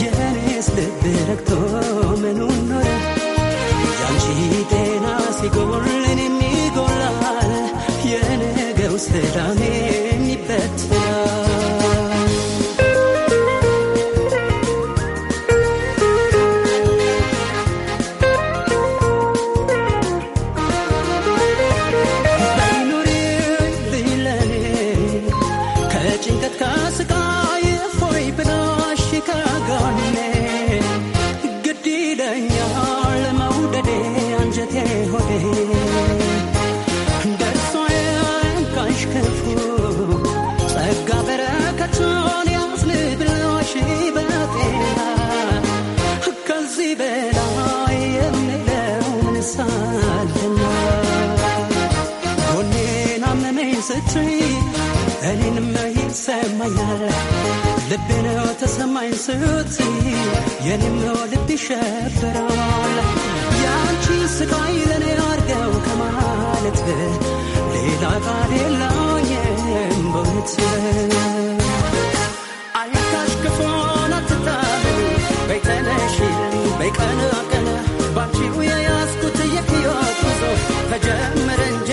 የኔስ ልብ ረግቶ ምኑን ኖረ ያንቺ ጤና ሲጎልን የሚጎላል የነገውስ በጣም የሚበት ደርሶ ያልቃሽ ክፉ ጸጋ በረከቱን የሚለው ምንሳልና ጎኔን አመመኝ ስትይ እኔንም ይሰማኛል ልቤ ነው ተሰማኝ ስትይ የኔም ልብ ይሸብራል ያንቺ ስቃይ ለኔ አርገው ከማለት ሌላ ቃል የለኝም አይታሽ ክፉን የህይወት ጉዞ ተጀመረ እንጂ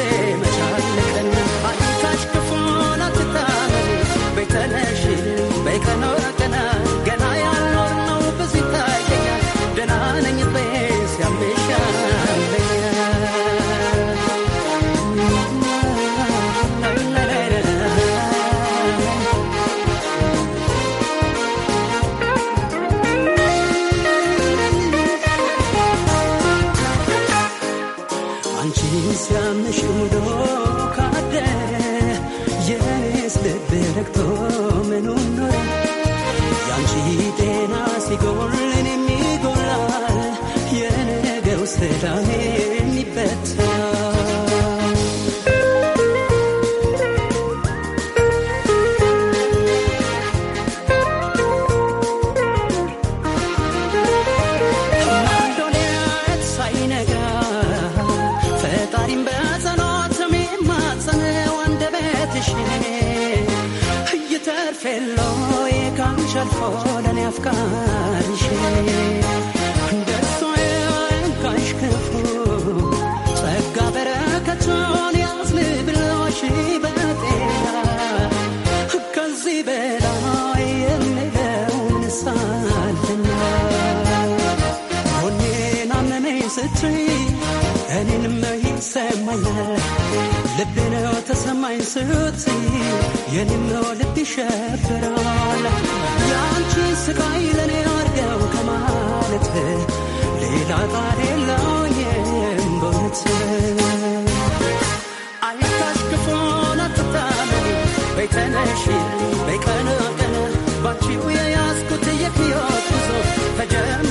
ከአንቺ አልፎ ለእኔ አፍቃሪሽ እንደርሶ ያንካሽ ክፉ ስቲ የኔም ነው ልብ ይሸበራል የአንቺ ስቃይ ለእኔ አርገው ከማለት ሌላ ቃል የለውም በእውነት አይታሽ ክፉን አትታመኒ በይ ተነሺ በይ ቀና ቀና ባንቺው የያዝኩት የህይወት ጉዞ ተጀመረ